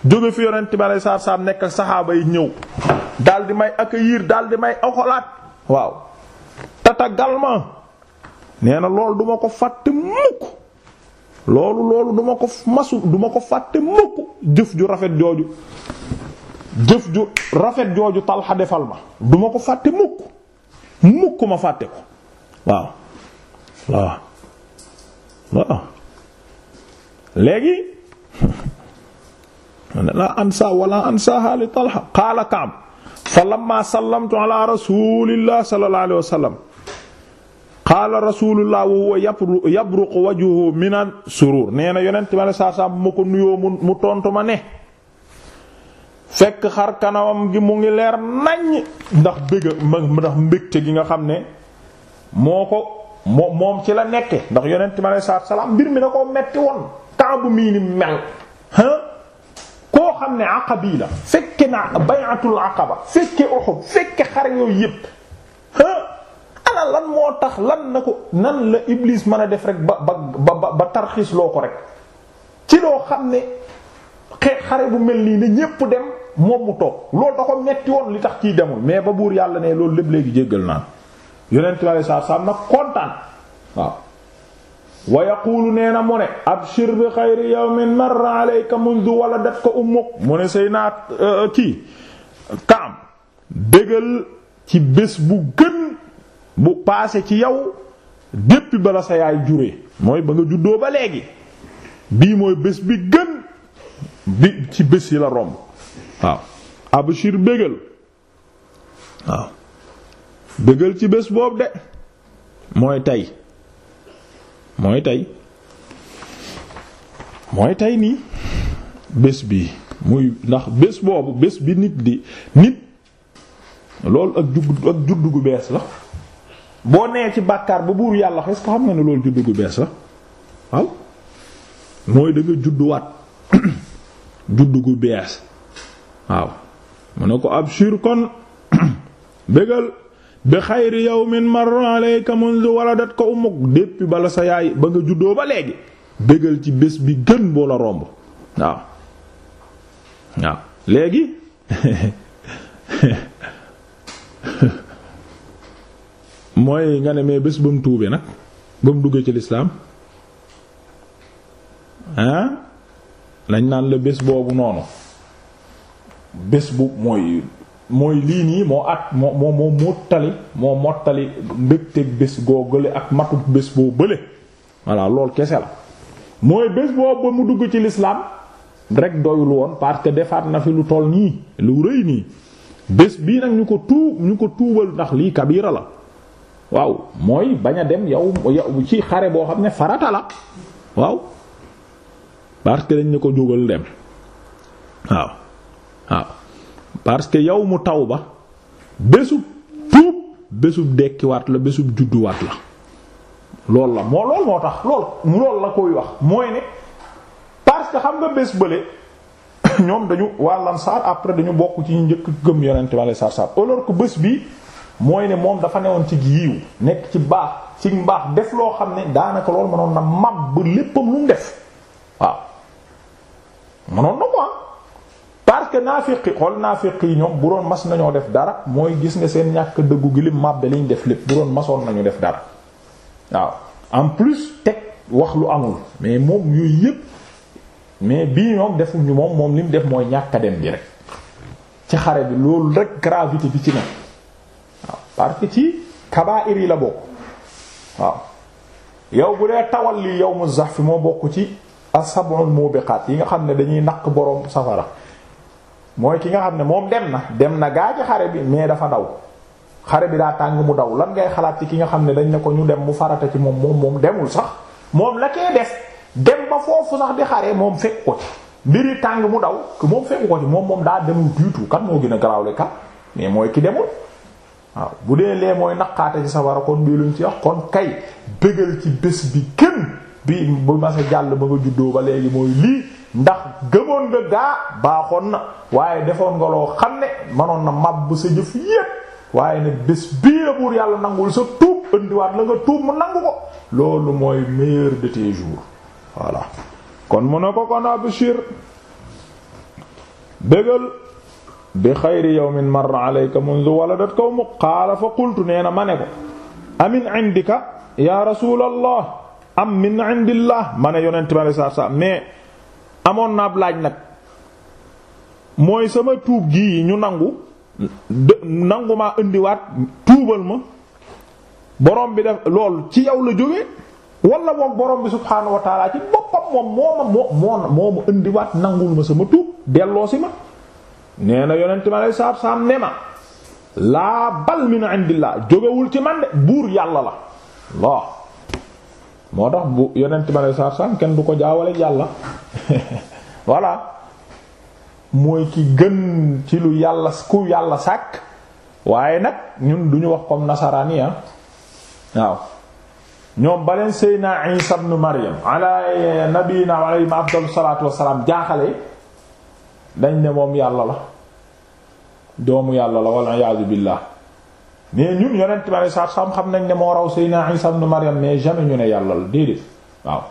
Speaker 1: jóge fi yonent bi alei saatu salaam nekk ak saxaaba yi ñëw daal di may accueillir daal di may oxolaat waaw tatagal nee na lool duma ko fàtte mukk loolu loolu duma ko masu duma ko fàtte mukk jëf ju rafet jooju jëf ju rafet jooju talxa defal ma duma ko fàtte mukk mukk ma fàtte ko waaw waaw léegi la *laughs* ansa wala ansaha li talha qaala Ka'b fa lamma sallamtu ala rasulillah sallallahu alayhi wa sallam qaala rasulullah wa huwa yabruqu wajhuhu minan surur nee yonent ma ne saa saa mu ko nuyoo mu tontu ma ne fekk xar kanamam gi mu ngi leer naññ ndax bëgg ndax mbégte gi nga xam ne moo ko moom moom ci la nekke ndax yonent mi aleyhi salaatu salaam mbir mi ne koo metti woon kaabu mii ni mel koo xam ne aqabi la fekke na bay'atul aqaba fekke Uhud fekke xar yooyu yépp ana lan moo tax lan na ko nan la Iblis mën a def rek ba ba ba ba tarxiis loo ko rek ci loo xam ne xe xare bu mel nii ne ñépp dem moom mu toog loolu da ko metti woon li tax ciy demul mais ba buur yàlla ne loolu lépp léegi jéggal naa yonent bi alayhi kontaan waaw wa yaqulu nee na mu ne abshir bi xayri yawmin marra alayka mundu waladat ko ummuk mu ne say naa euh, kii kaam bégal ci bés bu gën bu paase ci yow depuis bala sa yaay jure mooy ba nga juddoo ba léegi bii mooy bés bi gën bi ci bés yi la romb waaw abshir bégal waaw bëggal ci bés boobu de mooy tey mooy tey mooy tey nii bés bi muy ndax bés boobu bés bi nit di nit loolu ak juddu ak juddu gu bees la boo nee ci bàkkaar ba buur yàlla xes ko xam nga ne loolu gu bees la mooy da nga judduwaat *coughs* gu bees waaw *coughs* bi xayri yawmin marra alayka mundu waladat ko ummuk depuis bala sa yaay ba nga juddoo ba léegi bégal ci bés bi gën boo la romb waaw waaw léegi *laughs* mooy nga ne mais bés ba mu tuubee nag ba mu duggee ci lislaam ah lañ naan la bés boobu noonu bés bu mooy mooy lii nii moo at moo moo moo mottali moo mottali mbégteg bés goo gële ak matub bés boo bële voilà loolu kese la mooy bés boobu ba mu dugg ci lislaam rek doyul woon parce que defaat na fi lu toll nii lu rëy nii bés bii nag ñu ko tuub ñu ko tuubal ndax lii kabira la waaw mooy bañ a dem yow yow ci xare boo xam ne farata la waaw parce que dañ ne ko jógal dem waaw waaw parce que yow mu taw ba bésub tuub bésub dekkiwaat la bésub judduwaat la loolu la moo loolu moo tax lool loolu la koy wax mooy ne parce que xam nga bés bële *coughs* ñoom dañu waa Lansaar après dañu bokk ci njëkk gëm yonente ma lay sarsar alors que bés bi mooy ne moom dafa newoon ci yiiw nekk ci baax ci mbaax def loo xam ne daanaka loolu mënoon na mab ba léppam lu mu def waaw mënoon na ko ah parce que naafiqi xool naafiqi yi ñoom bu doon mas nañoo def dara mooy gis nga seen ñàkk dëggu gi lim màbbe liñ def lépp bu doon masoon nañu def dara waaw en plus teg wax lu amul mais moom yooyu yëpp mais bii ñoom defuñu moom moom lim def mooy ñàkk dem gi rek ci xare bi loolu rek gravité bi ci ne waaw parce que ci kabaa'ir yi la bokk waaw yow bu dee tawal li sax fi moo bokk ci as-sab'ul mubiqaat yi nga xam ne dañuy naq boroom safara mooy ki nga xam ne moom dem na dem na gaa ci xare bi mais dafa daw xare bi daa tàng mu daw lan ngay xalaat ci ki nga xam ne dañ ne ko ñu dem mu farata ci moom moom moom demul sax moom la kee des dem ba foofu sax di xare moom fekk ko ci mbiri tàng mu daw moom fekk ko ci moom moom daa demul tuutu kan moo gën a garaawle kan mais mooy ki demul waaw bu dee lee mooy naqaate ci sa war a kon bii luñ ci wax kon kay bëggal ci bés bi kenn bi bu ma sa jàll ba nga juddoo léegi mooy lii ndax gëmoon nga gaa baaxoon na waaye defoon nga loo xam ne manoon na màbb sa jëf yépp waaye ne bés bii la yàlla nangul sa tuub indiwaat la nga tuub mu nangu ko loolu mooy meilleur de tes jours voilà kon mu ne ko kon abshir bégal bi xayri yawmin marra alayka mundu waladat kaw mu qaala fa qultu nee na mane ne ko amin indika ya rasulallah am min indillah ma ne yonent ma ne saa amoon naab laaj nag mooy sama tuub gii ñu nangu nangu maa indiwaat tuubal ma borom bi def lool ci yow la jóge walla moom borom bi subhaanahu ci boppam moom moo indiwaat nangul ma sama tuub delloo si ma nee na yonent ma lay saab saab ne ma laa bal min indillah jógewul ci man de buur yàlla la waaw moo tax bu yonent ma ne sarsam kenn du ko jaawale yàlla *laughs* voilà mooy ki gën ci lu yàlla ku yàlla sàkk waaye nag ñun duñu wax koom nasaraani ya ah. waaw ñoom baleen seyna isa ibn maryam ala nabiyina alayhi afdalu salaatu wassalaam jaaxale dañ ne moom yàlla la doomu yàlla la wal iyaadu billah mais ñun yonent bi saa sam xam nañ ne moo raw Seydina Isa ibn Maryam mais jamais ñu ne yàlla la déedéet waaw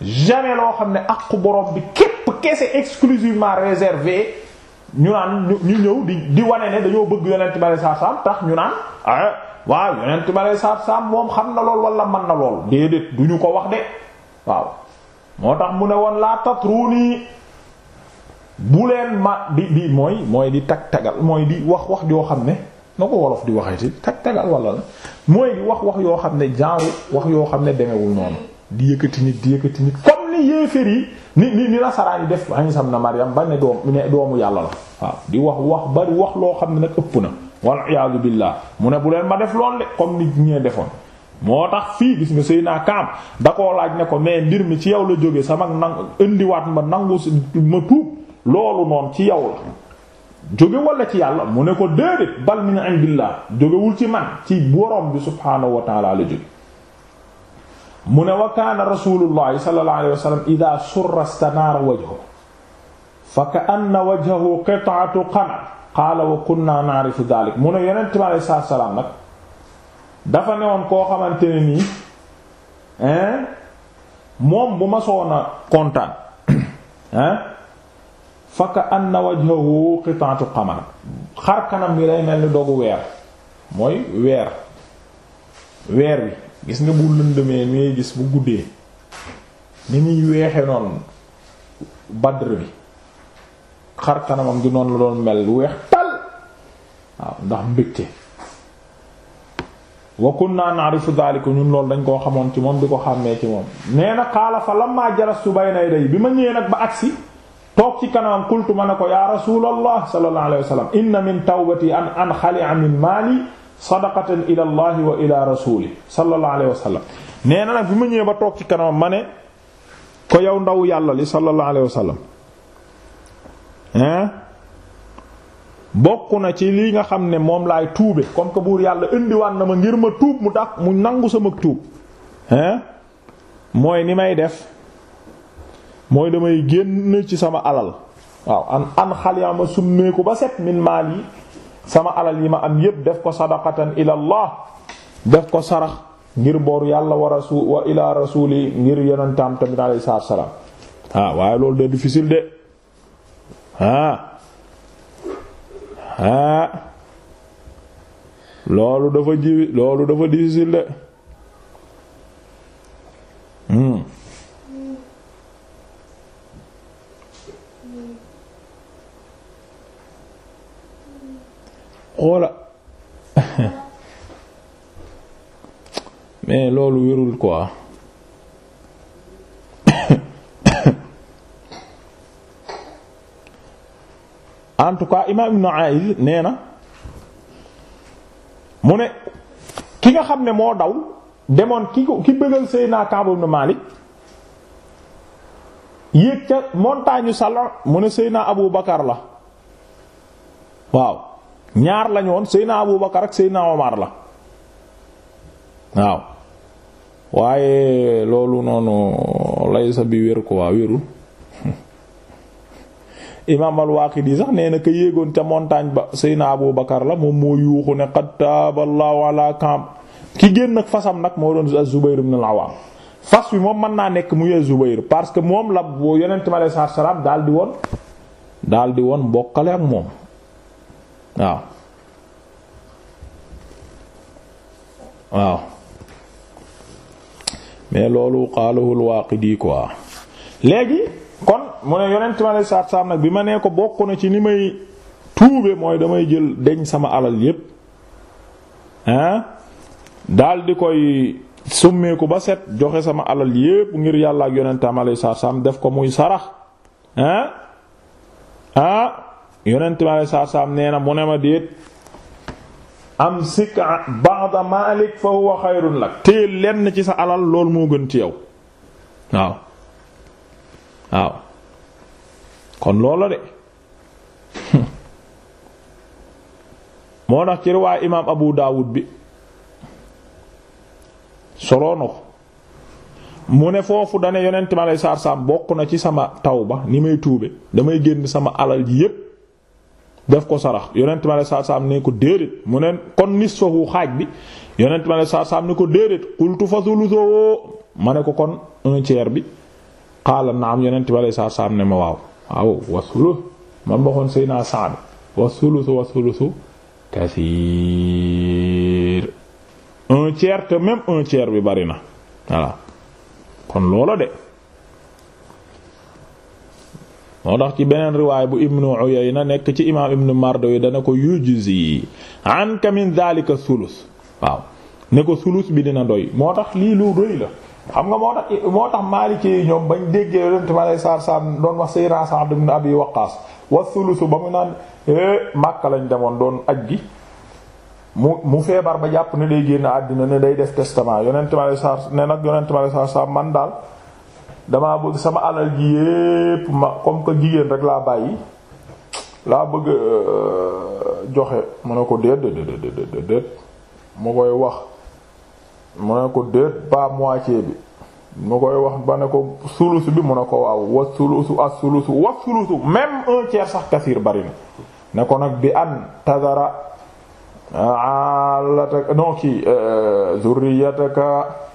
Speaker 1: jamais loo xam ne aqu boroom bi képp kese exclusivement réservé ñu naan ñu ñëw di di wane ne dañoo bëgg yonent bi saa sam tax ñu naan ah waaw yonent bi saa sam moom xam na lool wala man na lool déedéet du ñu ko wax de waaw moo tax mu ne woon laa tatruni bu leen ma di di mooy mooy di tag tagal mooy di wax wax joo xam ne. na ko wolof di waxeeti tag tagal wala la mooy wax wax yoo xam ne genre wax yoo xam ne demewul noonu di yëkkati nit di yëkkati nit comme ni yéeféer yi ni ni ni nasaraan yi def añ sam na Maryam ba ne doom ne doomu yàlla la waaw di wax wax bari wax loo xam ne nag ëpp na wal iyaadu billah mu ne bu leen ma def lool de comme nit ñee defoon moo tax fii gis nga sëy naa kaam da koo laaj ne ko mais mbir mi ci yow la jóge sama nang indiwaat ma nangu ma tuub loolu noonu ci yow jóge walla ci yàlla mu ne ko déedéet bal min indillah jógewul ci man ci borom bi subhaanahu wa la jóge mu ne wa kaana rasulullahi sallallahu alayhi wa sallam ida surra stanaara wajhu fa ka anna wajhahu qit'atu qamar wa kunna na'rifu dhalik mu ne yonent bi alayhi salaatu wa salaam nag dafa koo xamante ne nii moom bu ma soona kontaan ah fa ka anna wajhahu qit'atu qamar xar kanam bi day mel ni dogu weer mooy weer weer bi gis nga bu lëndëmee ni ngay gis bu guddee ni muy weexe noonu badr bi xar kanamam gi noonu la doon mel weex tal waaw ndax mbégte wa kunna na'rifu dhalika ñun loolu dañ koo xamoon ci moom di ko xàmmee ci moom nee na xaala fa lamma jalastu bayna yaday bi ma ñëwee nag ba agsi toog ci kanamam qultu ma ne ko ya rasulallah sallallahu alayhi wa sallam inna min tawbati an anxali'a min maali sadaqatan ila allahi wa ila rasuli sallallahu alayhi wa nee na nag bi ma ñëwee ba toog ci kanamam ma ne ko yow ndawu yàlla li sallallahu alayhi wa bokk na ci li nga xam ne moom laay tuube comme que buur yàlla indiwaan na ma ngir ma tuub mu tax mu nangu sama tuub hein mooy ni may def mooy damay génn ci sama alal waaw an an xaliya ma ba set min maal yi sama alal yi ma am yépp def ko sadaqatan ila def ko sarax ngir boor yàlla wa rasul wa ila rasuli ngir yonentam tamit alayhi salaam waaw ah, waaye loolu de difficile de ah ah loolu dafa ji de hmm. xoola mais loolu wérul quoi en tout cas imaam Ibn nee na mu ne ki nga xam ne moo daw demoon ki ko ki bëggal Seydina Kaab ibn Malik yéeg ca montagne Sala mu ne Seydina Abu Bakar la waaw ñaar lañu woon Seydina Abu Bakar ak Seydina Omar la waaw waaye loolu noonu lay bi wér ko waa wérul *laughs* imaam al sax nee na yéegoon ca montagne ba Seydina Abu Bakar la moom moo yuuxu ne qad taaballahu ala kamb ki génn ak fasam nag moo doon az-Zubayr ibn al fas wi moom mën naa nekk muy az-Zubayr parce que moom la boo yonent mi alayhi salaam daal di woon daal di woon mbokkale ak moom waaw waaw mais loolu qaalahu al-Waaqidi quoi léegi kon mu ne yonent ma saat saam nag bi ma nee ko bokk na ci ni may tuube mooy damay jël deñ sama alal yépp hein di koy summeeku ba set joxe sama alal yépp ngir yàlla ak yonentam alayhi def ko muy sarax hein yonent mi alayhi nee na mu ne ma déet amsik ba'da maalik fa huwa xayrun lak téye lenn ci sa alal loolu moo gën ci yow waaw waaw kon loola de *laughs* moo tax ci riwaay imaam Abu Daawud bi soloo ko mu ne foofu dane yonent mi alayhi bokk na ci sama taw ba ni may tuube damay génn sama alal ji yépp def ko sarax yonent ma ne saa ne ko déedéet mu ne kon nisfahu xaaj bi yonent ma ne saa ko déedéet qultu fa thuluthuhu ma ne ko kon un tiers bi qaala naam yonent ma ne saa saam ne ma waaw waaw wa thuluth ma waxoon Seydina Saad wa thuluth wa thuluthu kasiir un tiers te même un tiers bi bari na voilà kon loola de moo tax ci beneen riwaay bu ibnu na nekk ci imaam ibnu Mardawi dana ko yujzi anka min dhalika sulus waaw ne ko sulus bi dina doy moo tax lii lu rëy la xam nga moo tax moo tax Maliki yi ñoom bañ déggee yonent ma lay saar saam doon wax sayra Sa'd ba mu naan eh, Makka lañ demoon doon aj gi mu mu feebar ba jàpp ne day génn àddina ne day def testament yonent ma lay saar ne nag yonent ma lay man daal damaa bëgg sama alal ji yépp ma comme que jigéen rek laa bàyyi laa bëgg euh, joxe mu ne ko déet déet déet mu koy wax mu ne ko déet ba moitié bi mu koy wax ba ne ko sulusu bi mu ne ko waaw wa sulusu as sulusu wa sulusu même un sax kasiir bari na ne ko nag bi an tazara alata non ki euh, zurriyataka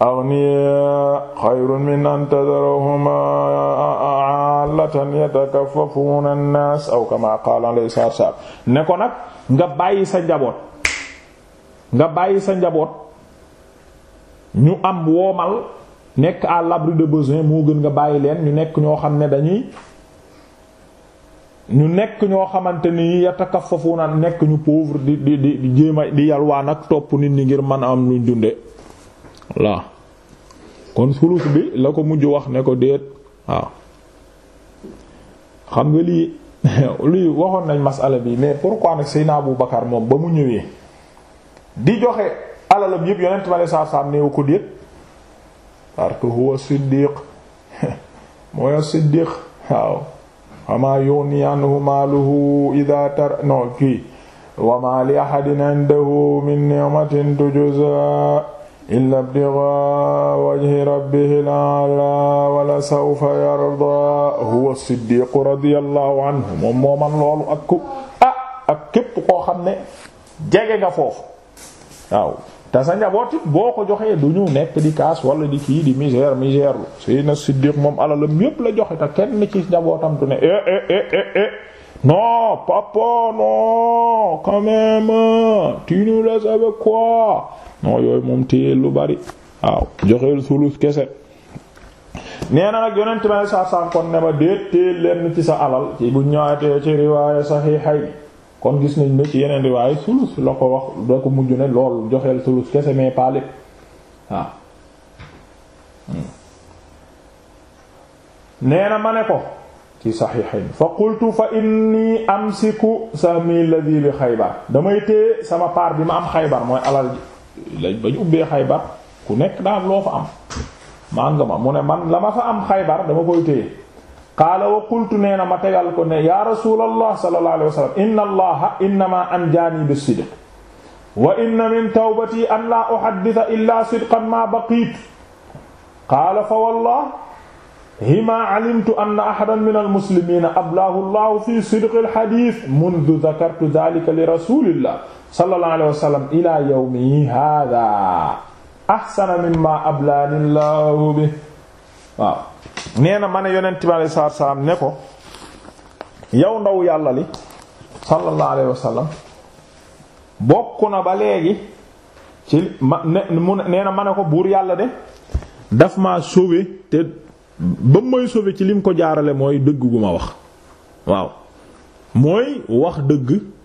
Speaker 1: aghniyaa xayrun min an tadharahum aallatan yatakaffafuuna an-naas aw kamaa qaala alayhi salaatu wa salaam ne ko nag nga bàyyi sa njaboot nga bàyyi sa njaboot ñu am woomal nekk à l'abri de besoin moo gën nga bàyyi leen ñu nekk ñoo xam ne dañuy ñu nekk ñoo xamante ni yatakaffafuuna nekk ñu pauvre di di di jéem di yalwaan ak topp nit ñi ngir mën am luñ dunde voilà kon sulus bi la ko mujj wax ne ko déet waaw xam nga lii *laughs* lii waxoon nañ masala bi mais pourquoi nag Seydina Abu Bakar moom ba mu ñëwee di joxe alalam yépp yonent ma lay saaf saaf néew ko déet parce que huwa siddiq *laughs* mooy siddiq waaw wama yugni anhu maaluhu ida tar no kii wama li ahadin indahu min ni'matin tujza illa ibtighaa wajhi rabbihil a'laa wala sawfa yardaa huwa siddiiqu radiyallahu anhu moom moo loolu ak ku ah ak képp koo xam ne jege nga foofu waaw te sa njaboot boo ko joxee du ñu nekk di kaas wala di kii di misère misère lu Seydina Siddiq moom alalam yépp la joxe te kenn ci njabootam du ne eh, eh, eh, eh papa non quand même tu avec quoi non yooyu moom téyeel lu bari waaw joxeel sulus kese nee na nag yonent ma saar kon ne ma déet téyeel leen ci sa alal ci bu ñëwaatee ci riwaaya yi kon gis nañ ne ci yeneen riwaaya sulus la ko wax da ko mujj ne lool joxeel sulus kese mais pas waaw hmm. nee na ma ne ko ci saxiixayn fa qultu fa inni amsiku sahmi alladhi bi xaybar damay téye sama part bi ma am xaybar mooy alal ji lañ bañ ubbee xaybar ku nekk daal loo fa am maa nga ma mu ne man la ma fa am xaybar dama koy téye qaala wa qultu nee na ma tegal ko ne ya rasulallah sallallahu alayhi wa sallam inna allaha innama anjaani bisidq wa inna min tawbati an la uhadditha illa sidqan ma baqiit qaala fa wallah hima alimtu anna ahadan min almuslimina ablaahu llahu fi sidqi alhadith mundu dhakartu dhalika li rasulillah sallallahu alayhi wa yow ila yawmi hada ahsana mimma ablaani llahu bi waaw nee na ma ne yonent bi alayhi salaam ne ko yow ndaw yàlla li sallallahu alayhi bokk na ba léegi ci ma nee na ma ne ko buur yàlla de daf ma sauvé te ba may sauvé ci lim ko jaarale mooy dëgg gu ma wax waaw mooy wax dëgg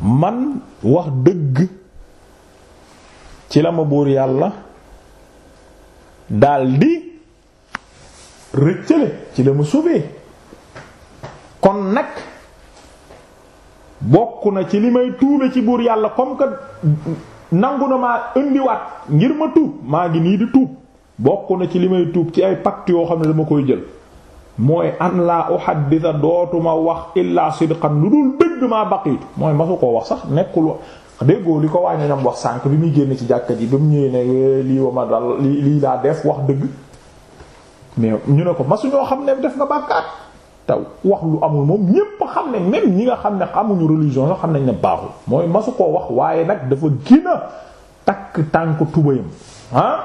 Speaker 1: man wax dëgg ci la ma buur yàlla daldi rëccale ci la ma sobee kon nag bokk na ci li may tuube ci buur yàlla comme que nangu na maa indiwaat ngir ma tuub maa ngi nii di tuub bokk na ci li may tuub ci ay pacte yoo xam ne dama koy jël mooy an laa uhaddisa dootuma wax illaa sidqan lu dul dëgg maa baqiitu mooy masu koo wax sax nekkul déggoo li ko waa ñoñam wax sànq bi muy génn ci jàkka ji ba mu ñëwee ne eh, lii wa ma dal lii laa def wax dëgg mais ñu ne ko masuñoo xam ne def nga bàkkaat te wax lu amul moom ñépp xam ne même ñi nga xam ne amuñu religion sax xam nañ ne baaxul mooy masu koo wax waaye nag dafa gën a takk tànk tubayam ah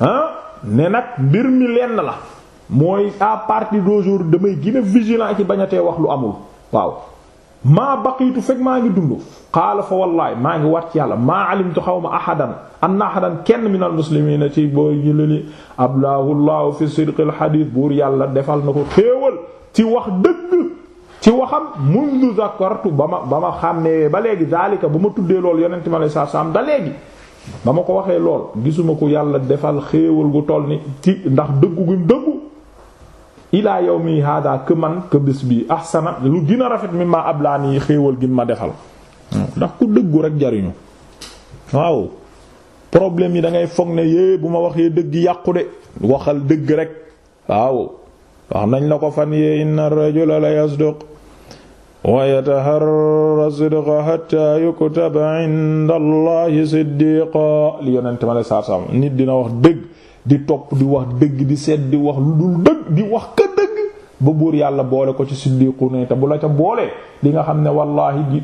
Speaker 1: ah ne nag mbir mi lenn la mooy à partir d'aujourd'hui damay gën a vigilant ci bañatee wax lu amul waaw maa baqiitu fekk maa ngi dund xaala fa wallaay maa ngi war ci yàlla maa alimtu xaw ma ahadan anna ahadan kenn min al muslimiina ci booy jilali ablaahu llahu fi sidqil xadiis buur yàlla defal na ko xéewal ci wax dëgg ci waxam mundu zakartu ba ma ba ma xàmmee ba léegi daalika ba ma tuddee lool yonente mi aleye sat salaam da léegi ba ma ko waxee lool gisuma ko yàlla defal xéewal gu toll ni ndax dëggu gu ilaa yawmi hada que man que bés bi ahsana lu gën rafet mi ma ablaani xéewal gi ma defal ndax ku dëggu rek jariñu waaw problème yi dangay foog ne yée bu ma waxee dëgg yàqu de waxal dëgg rek waaw wax nañ la ko fan yee inna rajula la yasduq wa yataharra sidqa hatta yuktaba inda allahi siddiqa li yonente ma la saar nit dina wax dëgg di topp di wax dëgg di seet wax lu dul di wax ka dëgg ba buur yàlla boole ko ci siddiqu te bu la ca boolee di nga xam ne wallaahi gi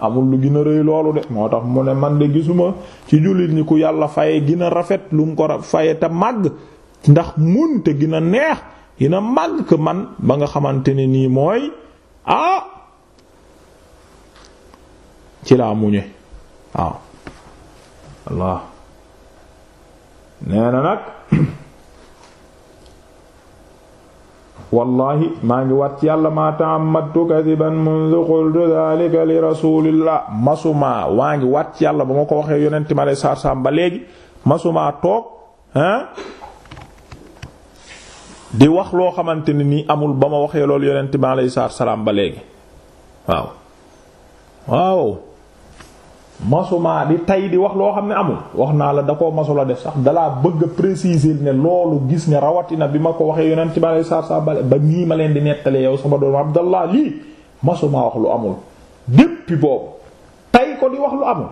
Speaker 1: amul lu gën a rëy loolu de moo tax mu ne man de gisuma ci jullit ñi ku yàlla faye gin a rafet lu mu ko faye te màgg ndax mun te gën a neex gën màgg que man ba nga xamante ne nii mooy ah ci laa muñe waaw Allah nee na nag wallahi maa ngi wat ci yàlla maa ta'ammadtu kadiban mundu qultu dhalika li rasulillah masuma waa ngi wat yàlla ba ma ko waxee yonente ma lay saar saam ba léegi masuma toog ah di wax loo xamante ni nii amul ba ma waxee loolu yonente ma lay saar salaam ba léegi waaw waaw masuma di tay di wax loo xam ne amul wax naa la da koo masula def sax dalaa bëgg a préciser ne loolu gis ne rawatina bi ma ko waxee yonent bi saa satu salaam ba nii ma leen di nettalee yow sama doom abdallah lii masuma wax lu amul depuis boobu tay ko di wax lu amul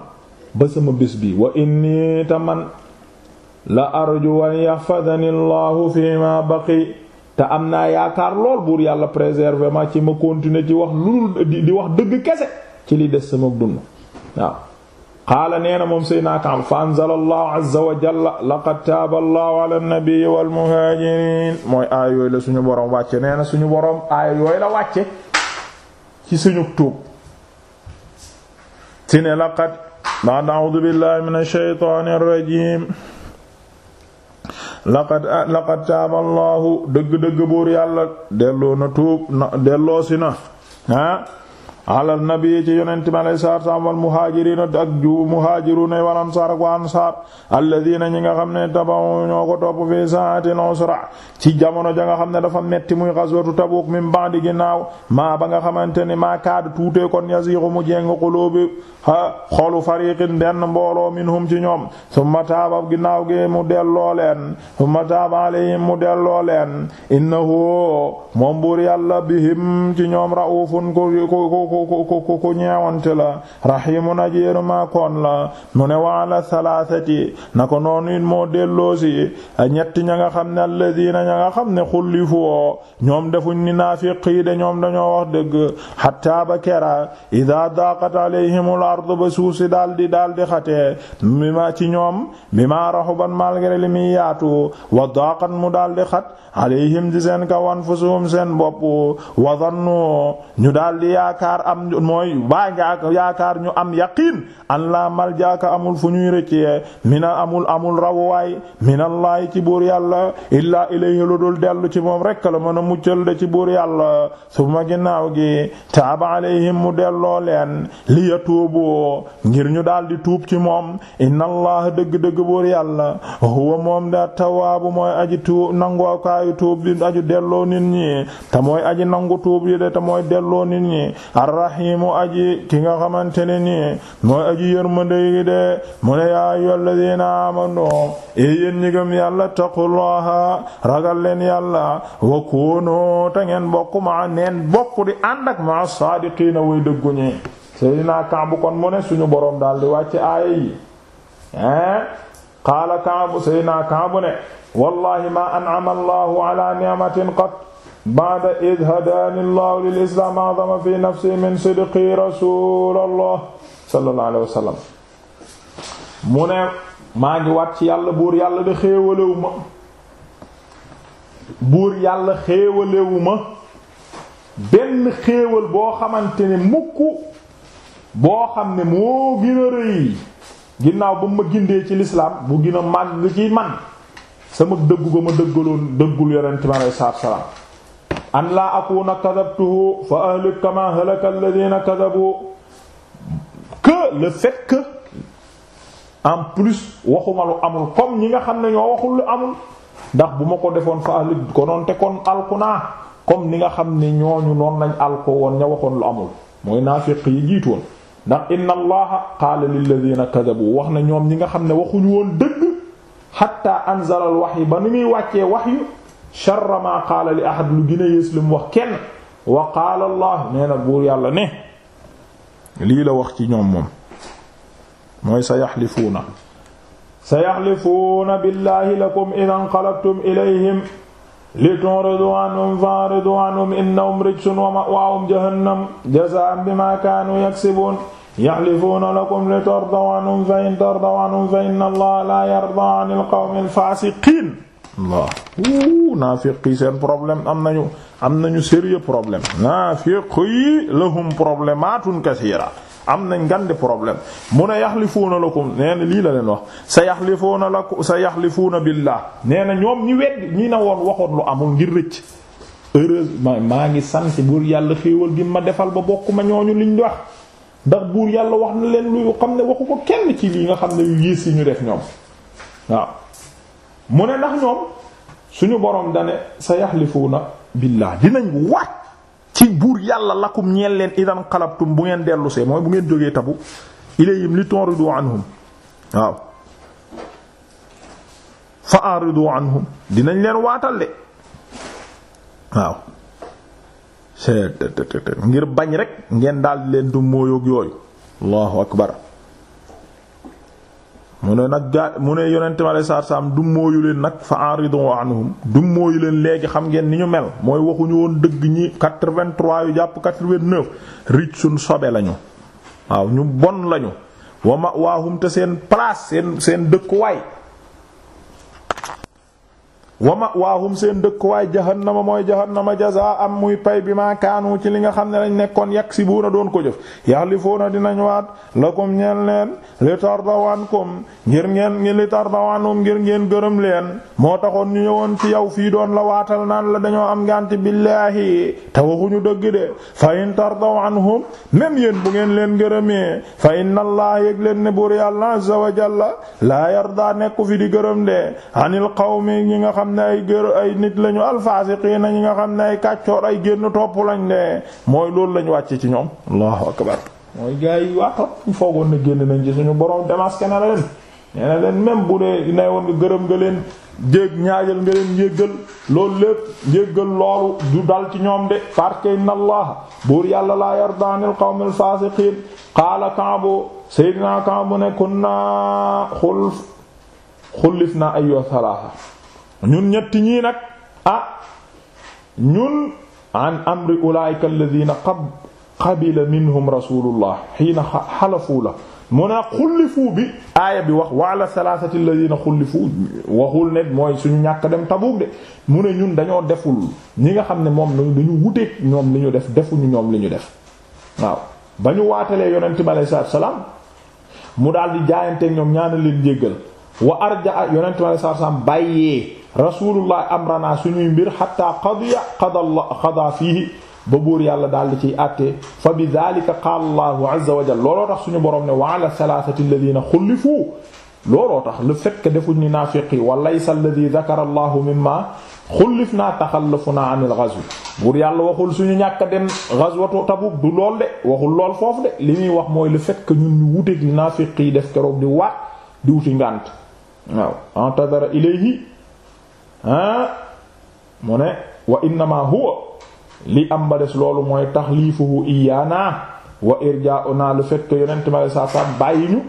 Speaker 1: ba sama bés bii wa inni ta man la arju an yahfadani allahu ma baqi te am naa yaakaar lool buur yàlla préserver ma ci ma continuer ci wax lu di wax dëgg kese ci li des sama dund qaala nee na moom Seydina Kaab fa anzala allahu azza wa jalla laqad taaba allahu ala nabiyyi wal muhaajiriin mooy aaya yooyu la suñu boroom wàcce nee na suñu boroom aaya yooyu la wàcce ci suñu tuub si ne laqad ba'd a'uudu billahi mina shaytaani rajiim laqad laqad taaba allahu dëgg-dëgg buur yàlla delloo na tuub na delloo si na ah ala nabi ci yonente mi alay saar saam wal muhaajiriina ak ju muhaajiruuna wal ansaar ak wa ansaar alladiina ñi nga xam ne tabaw ñoo ko topp fi saatil usra ci jamono ja nga xam ne dafa metti muy ghazwatu Tabuuk min ba'di ginnaaw maa ba nga xamante ni maa kaadu tuutee kon yaziixu mu jéng quluubi ha xolu fariqin benn mbooloo minhum ci ñoom summa taaba ginnaaw gi mu delloo leen summa taaba mu delloo leen innahu moom buur yàlla bihim ci ñoom ra'uufun ko ko ko ko ko ñeewante la rahimun ajeeru ma koon la mu ne wa ala thalathati na ko noonu it moo delloosi ñetti ña nga xam ne alladina ña nga xam ne xullifu woo ñoom defuñ ni naafiqi de ñoom dañoo wax dëgg hatta ba kera ida daqat alayhimul ardu ba suuf si daal di daal di xatee bi ma ci ñoom bi ma rahuban malgré li muy yaatu wa daqat mu dal di xat alayhim di seen kaw anfusuhum seen bopp wa dhannu ñu daal di yaakaar am mooy waa njaak yaakaar ñu am yaqiin an laa maljaaka amul fu ñuy rëccee mina amul amul rawwaay minallahi ci buur yàlla illaa ilayhi lu dul dellu ci moom rekk la mën a muccal de ci buur yàlla suma ginnaaw gi taaba alayhim mu delloo leen li yatuubu ngir ñu daldi tuub ci moom inna allaha dëgg-dëgg buur yàlla huwa moom da tawaabu mooy aji tuub nangoo kaayu tuub di aju delloo nit ñi te mooy aji nangu tuub yi de te mooy delloo nit ñi arrahimu aji ki nga xamante ne nii mooy aji yërmande gi de mu ne yaa ayyuhal amanu e yéen ñi gëm yàlla taqullaha ragal leen yàlla wa kunu ta ngeen bokk ma neen bokk di ànd ak ma saadiqiina way dëggu ñi Seydina Kaabu kon mu ne suñu boroom daal di wàcc aaya yi hein qaala Kaabu Seydina ne wallahi ma an'ama allahu ala ni'matin qat ba'da id hadaani llahu lil islaam a'zama fi nafsi min sidqi rasuulallah sallallahu mu ne maa ngi waat ci yàlla buur yàlla de xéewalewu ma buur yàlla xéewalewu ma benn xéewal boo xamante ni mukk boo xam ne moo gën rëy ginnaaw ba ma gindee ci lislaam bu gina a màgg ci man sama dëgg ba ma dëggaloon dëggul yonent mi alayhi salaam an laa akuna kadabtuhu fa ahlik kama halaka alladhina kadabu que le fait que en plus waxuma lu amul comme ñi nga xam ne ñoo waxul lu amul ndax bu ma ko defoon fa ahlik ko noon te kon alku comme ni nga xam ne ñooñu noon lañ alko woon ña waxoon lu amul mooy naafiq yi jiitoon ndax inna allaha qaala lilladhina kadabu wax na ñoom ñi nga xam ne waxuñu woon dëgg hatta anzala al yi ba nu muy wàccee wahyu sharra ma qaala li ahad lu gën a yées lu mu wax kenn wa qaala allah nee na buur yàlla ne lii la wax ci ñoom moom mooy sa yaxlifuuna sa yaxlifuuna billaahi lakum ida nqalabtum ilayhim li tu'ridu anhum fa'ridu anhum innahum rijsun wa ma'waahum jahannam jazaa'an bimaa kaanuu yaksibuun yaxlifuuna lakum li tardaw anhum fa in tardaw anhum fa inna allaha laa yardaa anil qawmil faasiqiin waaw wuu naafiq yi seen problème am nañu am na ñu sérieux problème naafiq yi lahum problématun kasiira am nañ ngande problème mu ne yaxlifuuna la ko na lii la leen wax sa yaxlifuuna lakum sa yaxlifuuna billah nee na ñoom ñi wedd ñi na woon waxoon lu amul ngir rëcc heureusement maa ngi sant buur yàlla xéewal gi ma defal ba bokk ma ñooñu liñ wax ndax buur yàlla wax na leen lu xam ne waxu ko kenn ci lii nga xam ne yu si ñu def ñoom waaw mu ne ndax ñoom suñu boroom dane sa yaxlifuuna billah dinañ waat ci buur yàlla lakkum ñeel leen idan xalabtum bu ngeen dellusee mooy bu ngeen jógee tabu ilayhim li turidu anhum waaw fa aridu anhum dinañ leen waatal de waaw ngir bañ rek ngeen daal di leen du mooyoog yooyu allahu akbar mu ne nag gaa mu ne yonente mi alei saatu salaam leen nag fa aridu anhum du mooyu leen léegi xam ngeen ni ñu mel mooy waxuñu woon dëgg ñi 83 yu jàpp 89 ric suñ sobe lañu waaw ñu bon lañu wa ma waahum te seen place seen seen dëkkuwaay wa ma'waahum seen dëkkuwaay jahannama mooy jahannama am muy pay bi maa kaanu ci li nga xam ne lañ nekkoon yaksibuuna doon ko jëf yaxlifuuna dinañ waat lakum ñeen leen li tardaw ankum ngir ngeen li tardaw ankum ngir ngeen gërëm leen moo taxoon ñu ñëwoon ci yow fii doon la waatal naan la dañoo am ngànti billaahi te waxuñu dëgg de fa in tardaw anhum même yéen bu ngeen leen gërëmee fa inna allah yëg leen ne buur yàlla azza wa jalla laa yarda nekku fi di gërëm de xam ne ay gër ay nit lañu alfaasiqiina ñi nga xam ne ay kàccoor ay génn topp lañ ne mooy loolu lañu wàcce ci ñoom allahu akbar mooy gaa yi wàqa foogoon na génn nañ ci suñu borom démasqué na leen nee leen même bu dee ne woon nga gërëm nga leen jéeg ñaajal nga leen njéggal loolu lépp njéggal loolu du dal ci ñoom de parce que inna allah buur yàlla laa yardaanil qawmil faasiqiin qaala Kaabu Seydina Kaabu ne kunna xul xullif naa ayyu salaasa ñun ñetti ñii nag ah ñun an amri ulaika alladhina qab qabila minhum rasulullah xiina xalafu la mu ne xullifu bi aaya bi wax waala salasati alladhina xullifu waxul ne mooy suñu ñàkk dem Tabuk de mu ne ñun dañoo deful ñi nga xam ne moom nañu dañu wuteeg ñoom li ñu def defuñu ñoom li ñu def waaw ba ñu waatalee yonent bi alayhi salaatu salaam mu daal di jaayanteeg ñoom ñaana leen jéggal wa arja yonent bi alayhi salaatu salaam bàyyee rasulullah amrana suñuy mbir xatta qadiya qadalla qada fiihi ba buur yàlla daal di ciy àtte fa bi dalika qaala allahu azza wa jalla looloo tax suñu borom ne wa ala thalathati alladhina xullifu looloo tax le fait que defuñ ni naafiq yi wa laysa alladhi dhakara allahu mimma xullifna taxallafuna anil ghazwi buur yàlla waxul suñu ñàkk dem ghazwatu Tabuk du lool de waxul lool foofu de li muy wax mooy le fait que ñun ñu li naafiq yi def keroog di wa di wuti ngànt waaw antadara mu ne wa innamaa huwa li am ba des loolu mooy taxliifuhu iyaana wa irjaa'una naa fait que yonent ma saa saam bàyyi ñu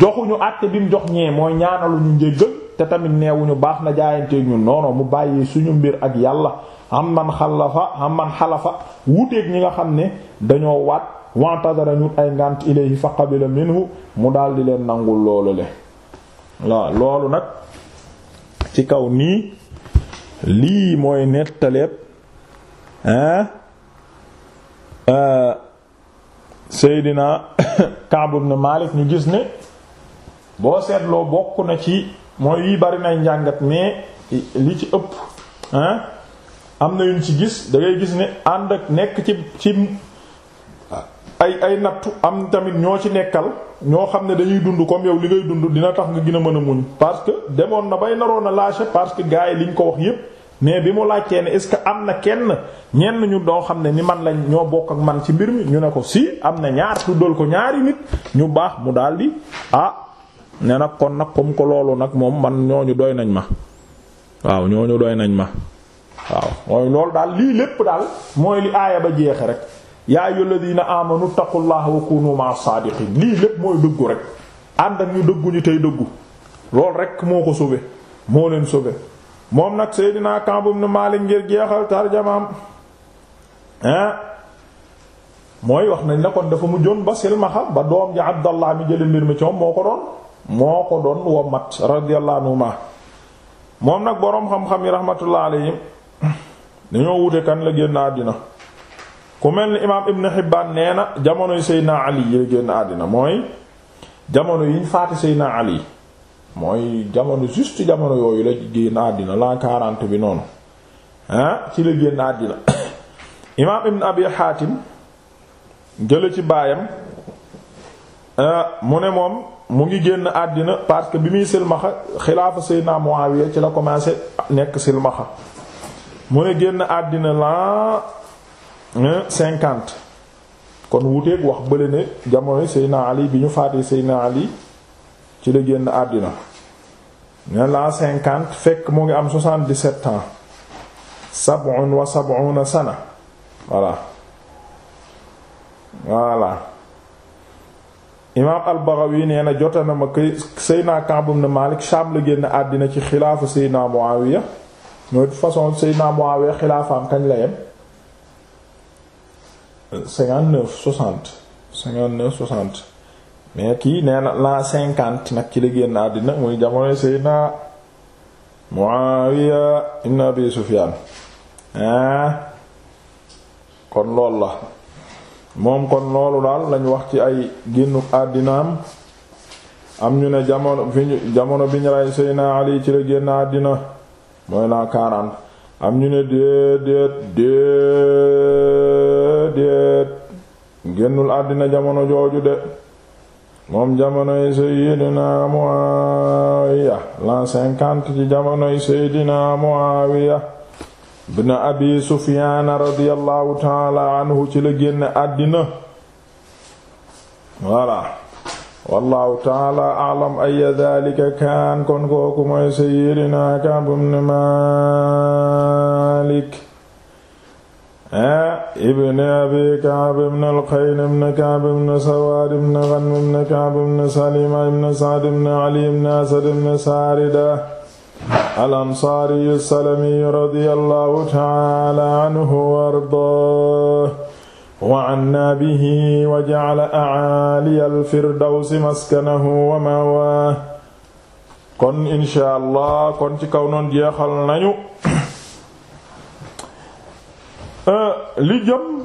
Speaker 1: joxuñu àtte bi mu jox ñee mooy ñaanaluñu njéggal te tamit neewu ñu baax na jaayanteeg ñun noono mu bàyyi suñu mbir ak yàlla am man xalafa am man xalafa wuuteeg ñi nga xam ne dañoo waat wantadara ñu ay ngànt ilayhi fa qabila minhu mu dal di leen nangul loolu le waaw loolu nag ci kaw nii lii mooy nettaleeb hein euh, Seydina *coughs* Ka'b ibn Malik ñu gis ne boo seetloo bokk na ci mooy yi bari nay njàngat mais li ci ëpp hein am na yu yuñ ci gis dangay gis ne ànd ak nekk ci ci ay ay nattu am tamit ñoo ci nekkal ñoo xam ne dañuy dund comme yow li ngay dund dina tax nga gën a mën a muñ parce que demoon na bay naroon a lâché parce que gars yi liñ ko wax yépp mais bi mu laajtee ne est ce que am na kenn ñenn ñu doo xam ne ni man lañ ñoo bokk ak man ci mbir mi ñu ne ko si am na ñaar tuddal ko ñaari nit ñu baax mu di ah ne nag kon nag comme ko loolu nag moom man ñooñu doy nañ ma waaw ñooñu doy nañ ma waaw mooy loolu daal lii lépp daal mooy li aaya ba jeexe rek yaa yu ayyul ladina amanu taqullaha wa kunu ma saadiqin lii lépp mooy dëggu rek ànd ak ñu dëggu ñu tey dëggu loolu rek moo ko sauvé moo leen sauvé moom nag Seydina Kaab ibn Maalik ngir jeexal tarjamaam ah mooy wax nañ la kon mu mujjoon ba silmaxa ba doom ji Abdallah mi jëli mbir mi coom moo ko doon moo ko doon wa mat radiyallahu anhuma moom nag boroom xam-xam yi rahmatullah alayhim dañoo wute kan la génn àddina ku mel ni imaam Ibn Hibbaan nee na jamonoy Seydina Ali yi la génn àddina mooy jamono yiñ faati Seydina Ali mooy jamono juste jamono yooyu la génn àddina l'an 40 bi noonu ah ci la génn àddina *coughs* imaam ibn abi xaatim jële ci baayam euh, mu ne moom mu ngi génn àddina parce que bi muy silmaxa xilaafa seydina Muawiya ci la commencé nekk silmaxa mu ne génn àddina l'an 50 kon wuteeg wax bële ne jamono seydina Ali bi ñu faatee seydina Ali ci la génn àddina ne la cinquante fekk mu ngi am soixante-dix-sept ans sab'un wa sab'una sana voilà voilà imaam al-Baghawi nee na jota na ma kay Seydina Ka'b Malik Sham la génn àddina ci xilaafa Seydina Muawiya ñooy façon Seydina Muawiya xilaafaam kañ la yem euh, cinquante-neuf soixante cinquante-neuf soixante mais kii nee na la cinquante nag ci la génn àddina muy jamono Seydina Muawiya ibn Abi Sufyaan ah kon loolu la moom kon loolu daal lañ wax ci ay génnu àddinaam am ñu ne jamono fi jamono bi ñu rey Seydina Ali ci la génn àddina mooy naa quarante am ñu ne déedéet déedéet génnul àddina jamono jooju de moom jamonoy seydina Muawiya l'an cinquante ci jamonoy seydina Muawiya ibn abi Sufyaan radiyallahu taala anhu ci la génn àddina voilà wallahu taala a'lam ay dhalika kaan kon kooku mooy seydina Ka'b ibn Maalik eh? ibn abi Ka'b ibn al-Qayn ibn Ka'b ibn Sawaad ibn Ghanm ibn Ka'b ibn Salima ibn Sa'd ibn Ali ibn Asad ibn Saarida al-Ansaari as-Salami radiyallahu ta'ala anhu wa ardaahu وعنا به وجعل أعالي الفردوس مسكنه ومأواه kon incha allah kon ci kaw noon jeexal nañu li jëm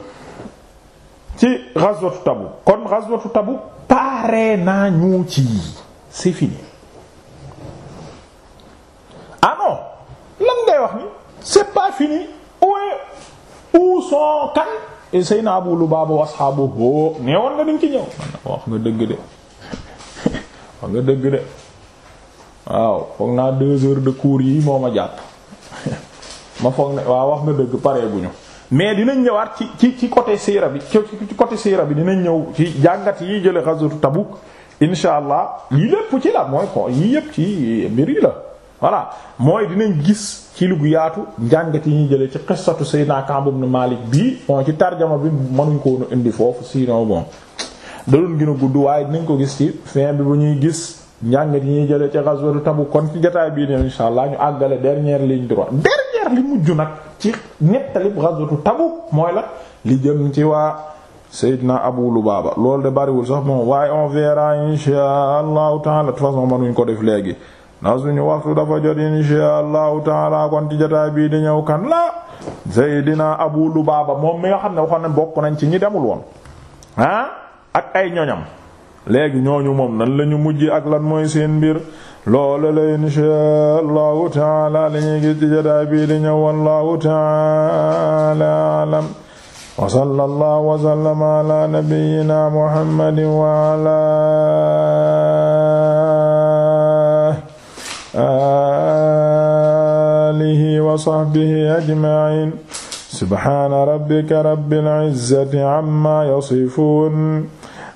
Speaker 1: ci ghazwatu Tabuk kon ghazwatu Tabuk pare naa ñu ci c'est fini ah non lan ngay wax ni c'est nee woon nga duñ ci ñëw wax nga dëgg de *laughs* wax waaw foog naa deux heures de cours yi moo ma jàpp *laughs* ma foog ne waaw wax nga dëgg pare bu ñu mais dinañ ñëwaat ci ci ci côté siira bi ci côté siira bi dinañ ñëw ci jàngat yi jële ghazwat Tabuk insha allah lii lépp ci la mooy ko yi yépp ci mbir yi la voilà mooy dinañ gis ci lu yaatu njàngat yi ñuy jëlee ci qissatu Seydina Kaab ibn Malik bii bon ci tarjama bi mënuñ ko woon indi foofu sinon bon da doon gën a gudd waaye dinañ ko gis ci fin bi bu ñuy gis njàngat yi ñuy jëlee ci ghazwatu Tabuk kon ci jotaay bii ne insha allah ñu àggale dernière ligne droite leer li mujj nag ci nettali ghazwatu Tabuk mooy la li jëm ci waa Seydina Abu Lubaba loolu de bariwul sax moom waaye on verra insha allahu taala de façon mënuñ ko def léegi na suñu waxtu dafa jot insha allahu taala kon ci bii di ñëw kan la Seydina Abu Lubaba moom mi nga xam ne waxoon nañ bokk nañ ci ñi demul woon ah? ak ay ñoñam léegi ñooñu moom na lañu mujj ak lan mooy seen mbir loola la inshaa allahu taala la ñuy gis ci jotaay bii di ñëw wallahu taala alam wa sallallahu wa sallama ala nabiyyina muhammadin wa ala alihi wa sahbihi ajma'in subhana rabbika rabbil izzati amma yasifun